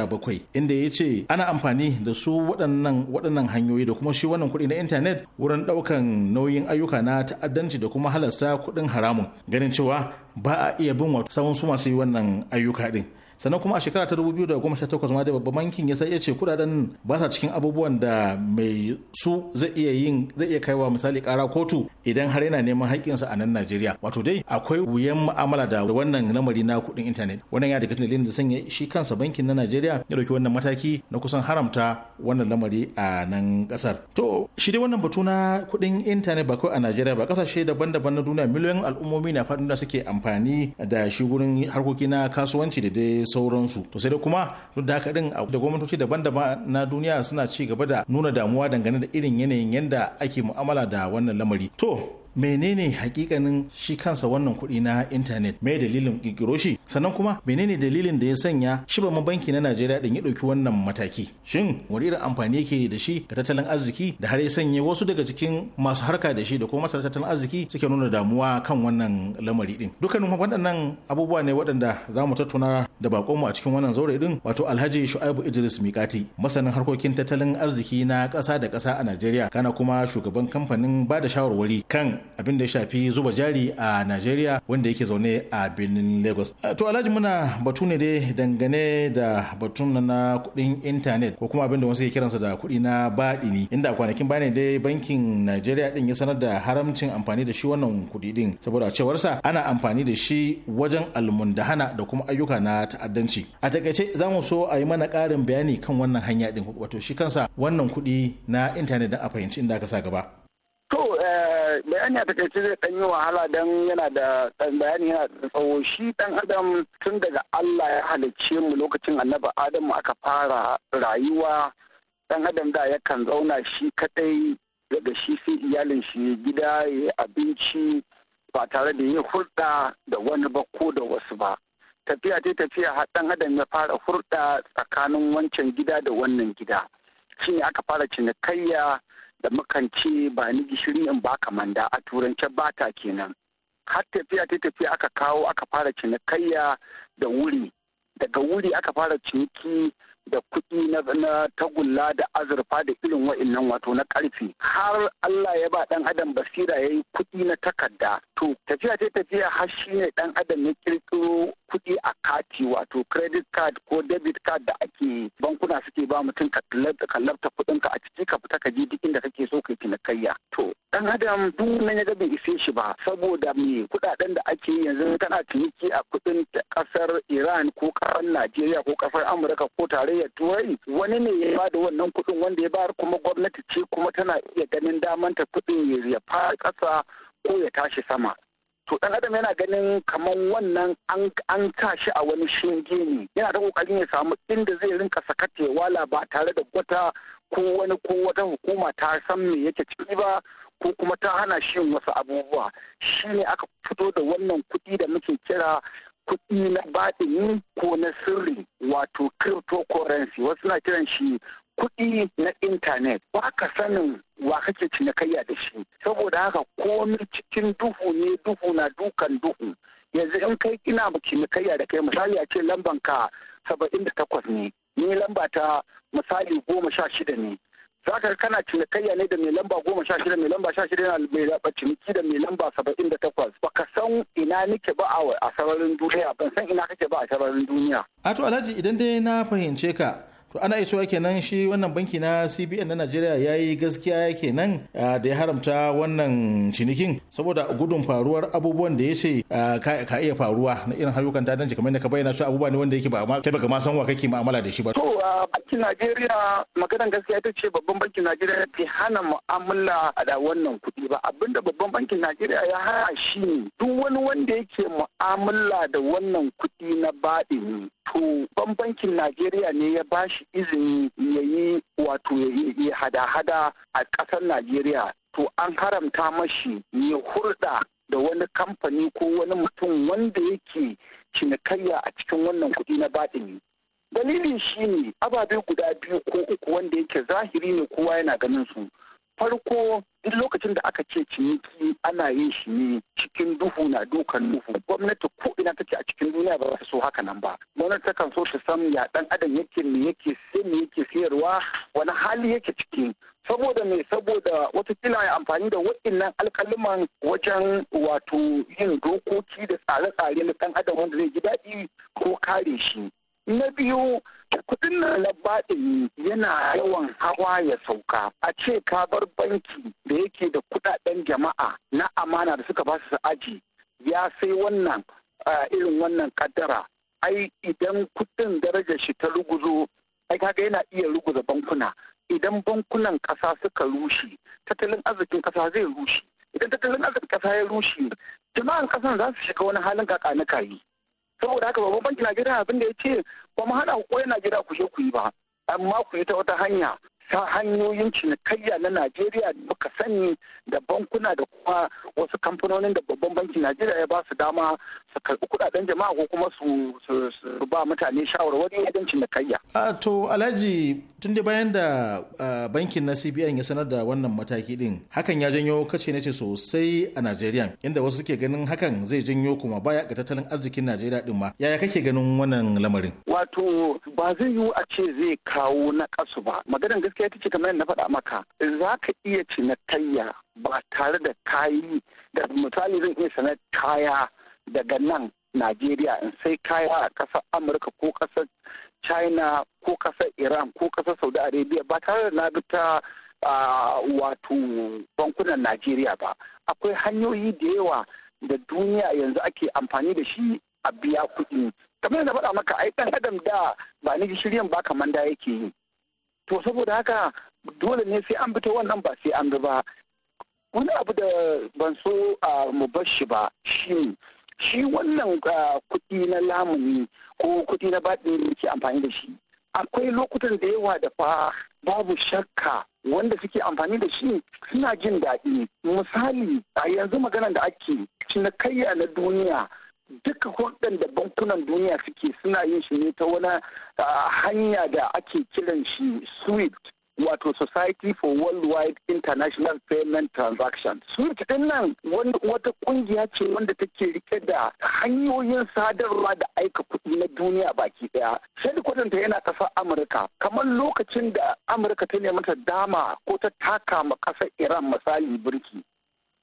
bakwai inda ya ce ana amfani da su waɗannan hanyoyi da kuma shi wannan kuɗi na intanet wurin ɗaukan nauyin ayyuka na ta'addanci da kuma halasta kuɗin haramun ganin cewa ba a iya bin wa sabon su masu yi wannan ayyuka din sannan kuma a shekara ta 2018 ma da babban bankin ya sai ya ce kudaden ba sa cikin abubuwan da mai su zai iya yin zai iya kaiwa misali kara kotu idan har yana neman haƙƙinsa a nan Najeriya wato dai akwai wuyan mu'amala da wannan lamari na kuɗin intanet wannan ya daga cikin da sanya shi kansa bankin na Najeriya ya dauki wannan mataki na kusan haramta wannan lamari a nan kasar to shi dai wannan batu na kuɗin intanet ba kawai a Najeriya ba kasashe daban-daban na duniya miliyoyin al'ummomi na faɗin da suke amfani da shi gurin harkoki na kasuwanci da dai sauransu to sai dai kuma duk da haka da gwamnatoci daban-daban na duniya suna ci gaba da nuna damuwa dangane da irin yanayin yadda ake mu'amala da wannan lamari to menene hakikanin shi kansa wannan kuɗi na intanet me dalilin kirkiro shi sannan kuma menene dalilin da ya sanya shi banki na najeriya din ya ɗauki wannan mataki shin wani irin amfani yake da shi ga tattalin arziki da har ya sanya wasu daga cikin masu harka da shi da kuma masana tattalin arziki suke nuna damuwa kan wannan lamari din dukkanin waɗannan abubuwa ne waɗanda za mu tattauna da baƙonmu a cikin wannan zaure ɗin wato alhaji shu'aibu idris mikati masanin harkokin tattalin arziki na ƙasa da ƙasa a najeriya kana kuma shugaban kamfanin ba da shawarwari kan abin da ya shafi zuba jari a Najeriya wanda yake zaune a Benin Lagos. To Alhaji muna batu ne dai dangane da batun na kuɗin intanet ko kuma abin da wasu ke kiransa da kuɗi na baɗini inda kwanakin bane da bankin Najeriya din ya sanar da haramcin amfani da shi wannan kuɗi din saboda sa ana amfani da shi wajen almundahana da kuma ayyuka na ta'addanci. A takaice za mu so a yi mana ƙarin bayani kan wannan hanya din wato shi kansa wannan kuɗi na intanet da a fahimci inda aka sa gaba. Eh, bayani a takaice zai dan yi wahala dan yana da dan bayani yana da tsawo shi dan adam tun daga Allah ya halicce mu lokacin annabi Adamu aka fara rayuwa dan adam da yakan zauna shi kadai daga shi sai iyalin shi gida ya abinci ba tare da yin hulɗa da wani ba ko da wasu ba tafiya ta tafiya har dan adam ya fara hulɗa tsakanin wancan gida da wannan gida shi ne aka fara cinikayya da mukan ce ba ni gishiri in ba manda a turance bata kenan har tafiya ta tafiya aka kawo aka fara cinikayya da wuri daga wuri aka fara ciniki da kuɗi na tagulla da azurfa da irin nan wato na ƙarfi har Allah ya ba ɗan adam basira ya yi kuɗi na takarda to tafiya ce tafiya har shi ne ɗan adam ya ƙirƙiro kuɗi a kati wato credit card ko debit card da ake bankuna suke ba mutum ka kuɗin ka a ciki ka fita ka je duk inda kake so kai cinikayya to ɗan adam duk nan ya ga bai ise shi ba saboda me kuɗaɗen da ake yanzu kana ciniki a kuɗin ƙasar Iran ko ƙasar Najeriya ko ƙasar Amurka ko tare iya turai wani ne ya ba da wannan kuɗin wanda ya bayar kuma gwamnati ce kuma tana iya ganin ta kuɗin ya fara ƙasa ko ya tashi sama to dan adam yana ganin kamar wannan an tashi shi a wani shinge ne yana da kokarin ya samu inda zai rinka sakatewa ba tare da gwata ko wani ko wata hukuma ta san me yake ciki ba ko kuma ta hana shi wasu abubuwa shine aka fito da wannan kuɗi da muke kira kuɗi na baɗi ko na sirri wato cryptocurrency wasu na kiran shi kuɗi na intanet ba ka sanin wa kake cinikayya da shi saboda haka komi cikin duhu ne duhu na dukan duhu yanzu in kai ina mu cinikayya da kai misali a ce lamban ka saba'in da takwas ne ni lamba ta misali goma sha shida ne za ka kana cinikayya ne da mai lamba goma sha shida mai lamba sha shida yana mai ciniki da mai lamba saba'in da takwas baka san ina nike ba a sararin duniya ban san ina kake ba a sararin duniya. ato alhaji idan dai na fahimce ka to ana iso kenan shi wannan banki na cbn na najeriya ya yi gaskiya nan da ya haramta wannan cinikin saboda gudun faruwar abubuwan da ya ce ka iya faruwa na irin harkokan tadanci kamar ne ka bayyana su abubuwa ne wanda yake ba ma kai baka ma san wa kake mu'amala da shi ba to bankin najeriya maganar gaskiya ita ce babban bankin najeriya fi hana mu'amala da wannan kuɗi ba abinda babban bankin najeriya ya hana shi duk wani wanda yake mu'amala da wannan kuɗi na ne to bankin Najeriya ne ya ba shi izini ya yi wato ya hada-hada a ƙasar Najeriya to an haramta mashi ya hurɗa da wani kamfani ko wani mutum wanda yake cinikayya a cikin wannan kuɗi na baɗini. Dalilin shi ne ababe guda biyu ko uku wanda yake zahiri ne kowa yana ganin su. farko duk lokacin da aka ce ciniki ana yin shi ne cikin duhu na dukan duhu gwamnati ko ina take a cikin duniya ba su so haka nan ba gwamnati takan so ta san ya dan adam yake me yake sai me yake sayarwa wani hali yake ciki saboda me saboda kila ya amfani da waɗannan alkaliman wajen wato yin dokoki da tsare-tsare na ɗan adam wanda zai ji daɗi ko kare shi Na biyu kudin na labaɗin yana yawan hawa ya sauka a ce ka bar banki da yake da kudaden jama'a na amana da suka ba su aji ya sai wannan irin wannan kaddara ai idan kudin darajar shi ta ruguzo ai kaga yana iya ruguza bankuna idan bankunan kasa suka rushe tattalin arzikin kasa zai rushe idan tattalin arzikin kasa ya rushe jama'an kasan za su shiga wani halin kakanika saboda haka babban banki najeriya abin da ya ce ba mu hana ku na najeriya ku je ku yi ba amma ku yi ta wata hanya ta hanyoyin cinikayya na Najeriya da muka sani da bankuna da kuma wasu kamfanonin da babban bankin Najeriya ya ba su dama su karɓi kuɗaɗen jama'a ko kuma su ba mutane shawarwari wajen cinikayya. A ah, to Alhaji tun da bayan da ah, bankin na CBN ya sanar da wannan mataki din hakan ya janyo kace na ce sosai a Najeriya inda wasu suke ganin hakan zai janyo kuma baya ga tattalin arzikin Najeriya din ma yaya kake ganin wannan lamarin. Wato ba zai yiwu a ce zai kawo na kasu ba maganar gaskiya gaskiya ta ce kamar na faɗa maka za ka iya cinikayya ba tare da kayi da misali zan iya sanar kaya daga nan Najeriya in sai kaya a ƙasar Amurka ko ƙasar China ko ƙasar Iran ko ƙasar Saudi Arabia ba tare da na bi ta wato bankunan Najeriya ba. Akwai hanyoyi da yawa da duniya yanzu ake amfani da shi a biya kuɗi. Kamar na faɗa maka ai ɗan adam da ba ni shiryan ba kamar da yake yi. to saboda haka dole ne sai an bi ta wannan ba sai an bi ba wani abu da ban so a mu bar shi ba shi shi wannan kuɗi na lamuni ko kuɗi na baɗi ne ke amfani da shi akwai lokutan da yawa da fa babu shakka wanda suke amfani da shi suna jin daɗi misali a yanzu maganar da ake cinikayya na duniya duka hulɗar da bankunan duniya suke suna yin shi ne ta wani hanya da ake kiran shi swift wato society for worldwide international payment Transaction. swift din nan wata kungiya ce wanda take rike da hanyoyin sadarwa da aika kuɗi na duniya baki daya shedikwadon kwatanta yana ƙasar amurka kamar lokacin da amurka ta nemi ta dama ko ta taka ma ƙasar iran misali birki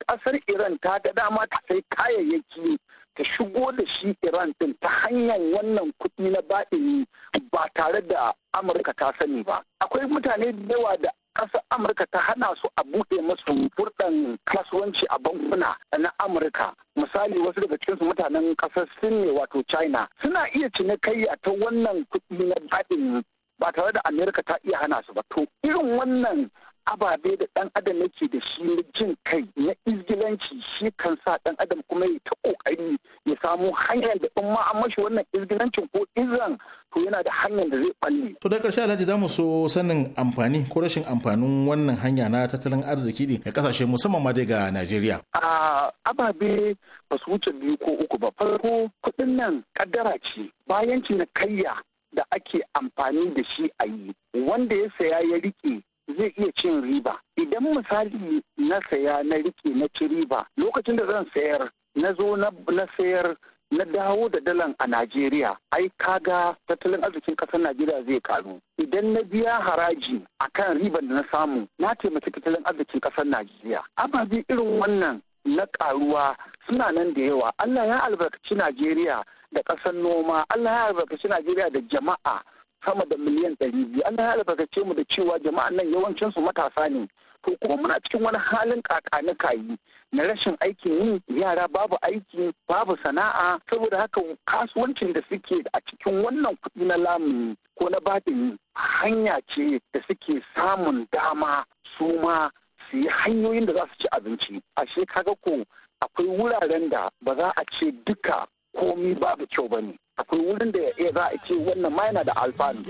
ƙasar iran ta ga dama ta sai kayayyaki ta shigo da shi Iran din ta hanyar wannan kuɗi na baɗini ba tare da Amurka ta sani ba. Akwai mutane da yawa da ƙasar Amurka ta hana su a buɗe masu furɗan kasuwanci a bankuna na Amurka. Misali wasu daga cikinsu mutanen ƙasar Sin ne wato China. Suna iya cina cinikayya ta wannan kuɗi na baɗini ba tare da Amurka ta iya hana su ba. To irin wannan ababe da ɗan adam yake da shi na jin kai na izgilanci shi kan sa ɗan adam kuma ya ta ƙoƙari ya samu hanyar da in ma an mashi wannan izgilancin ko izan to yana da hanyar da zai ɓalle. To da ƙarshe Alhaji za mu so sanin amfani ko rashin amfanin wannan hanya na tattalin arziki ne ga ƙasashe musamman ma daga ga Najeriya. A ababe ba su wuce biyu ko uku ba farko kuɗin nan kaddara ce bayan na kayya da ake amfani da shi a yi wanda ya saya ya riƙe. zai iya cin riba idan misali na saya na rike na ci riba lokacin da zan sayar na zo na sayar na dawo da dalan a Najeriya ai kaga tattalin arzikin ƙasar Najeriya zai karu idan na biya haraji a kan riban da na samu na taimaki tattalin arzikin ƙasar Najeriya ababe irin wannan na karuwa suna nan da yawa Allah ya albarkaci Najeriya da ƙasar noma Allah ya albarkaci Najeriya da jama'a sama da miliyan ɗari biyu an ya albarkace mu da cewa jama'an nan yawancin su matasa ne to kuma muna cikin wani halin kakani kayi na rashin aikin yi yara babu aiki babu sana'a saboda haka kasuwancin da suke a cikin wannan kuɗi na lamuni ko na batini hanya ce da suke samun dama su ma su yi hanyoyin da za su ci abinci a kaga ko akwai wuraren da ba za a ce duka komi da kyau ba ne akwai wurin da ya za a ce wannan ma yana da alfanu.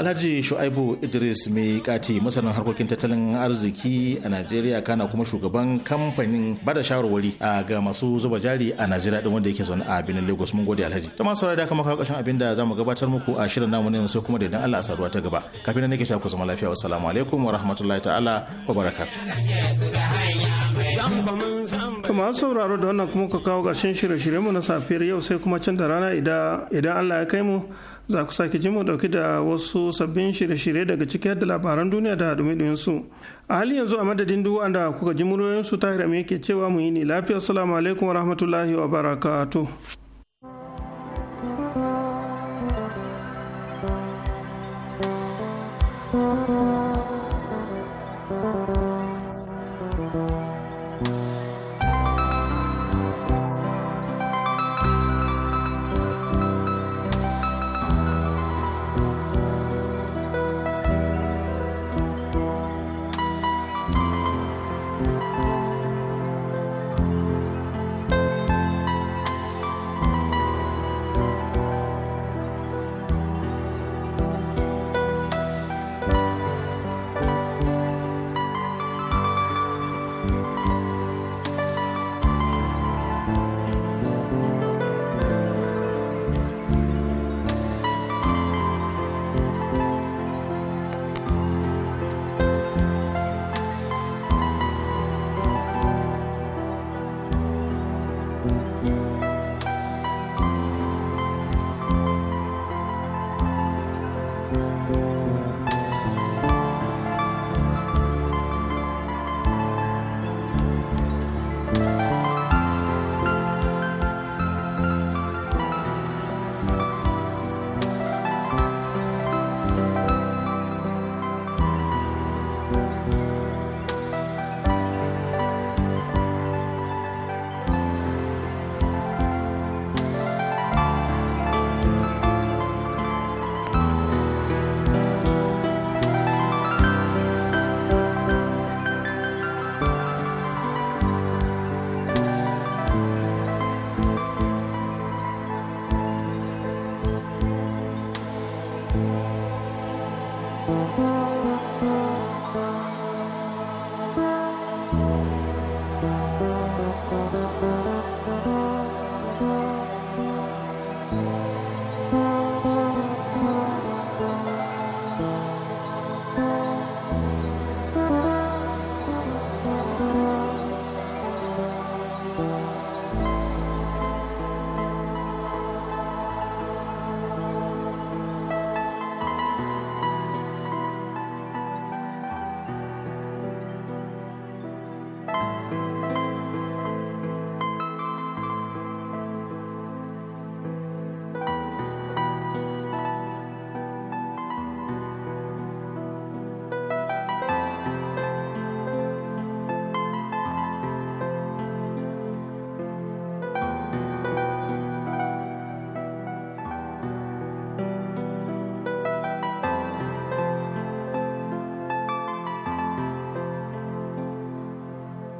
Alhaji Shu'aibu Idris mai kati masanin harkokin tattalin arziki a Najeriya kana kuma shugaban kamfanin bada shawarwari a ga masu zuba jari a Najeriya din wanda yake zaune a binin Lagos mun gode Alhaji. Ta masu da kama kawo ƙarshen abin da za mu gabatar muku a shirin namu ne sai kuma da idan Allah a saduwa ta gaba. Kafin nan nake ku zama lafiya wassalamu alaikum wa rahmatullahi ta'ala wa barakatuh. kamar sauraro da wannan kuma ka kawo ƙarshen shirye-shiryenmu na safiyar yau sai kuma can da rana idan Allah ya kai mu za ku sake jin mu dauki da wasu sabbin shirye-shirye daga ciki da labaran duniya da dumi su. A hali yanzu a madadin duk wanda kuka ji muryoyin su tahir yake cewa mu yi ne lafiya salamu alaikum wa rahmatullahi wa barakatuh.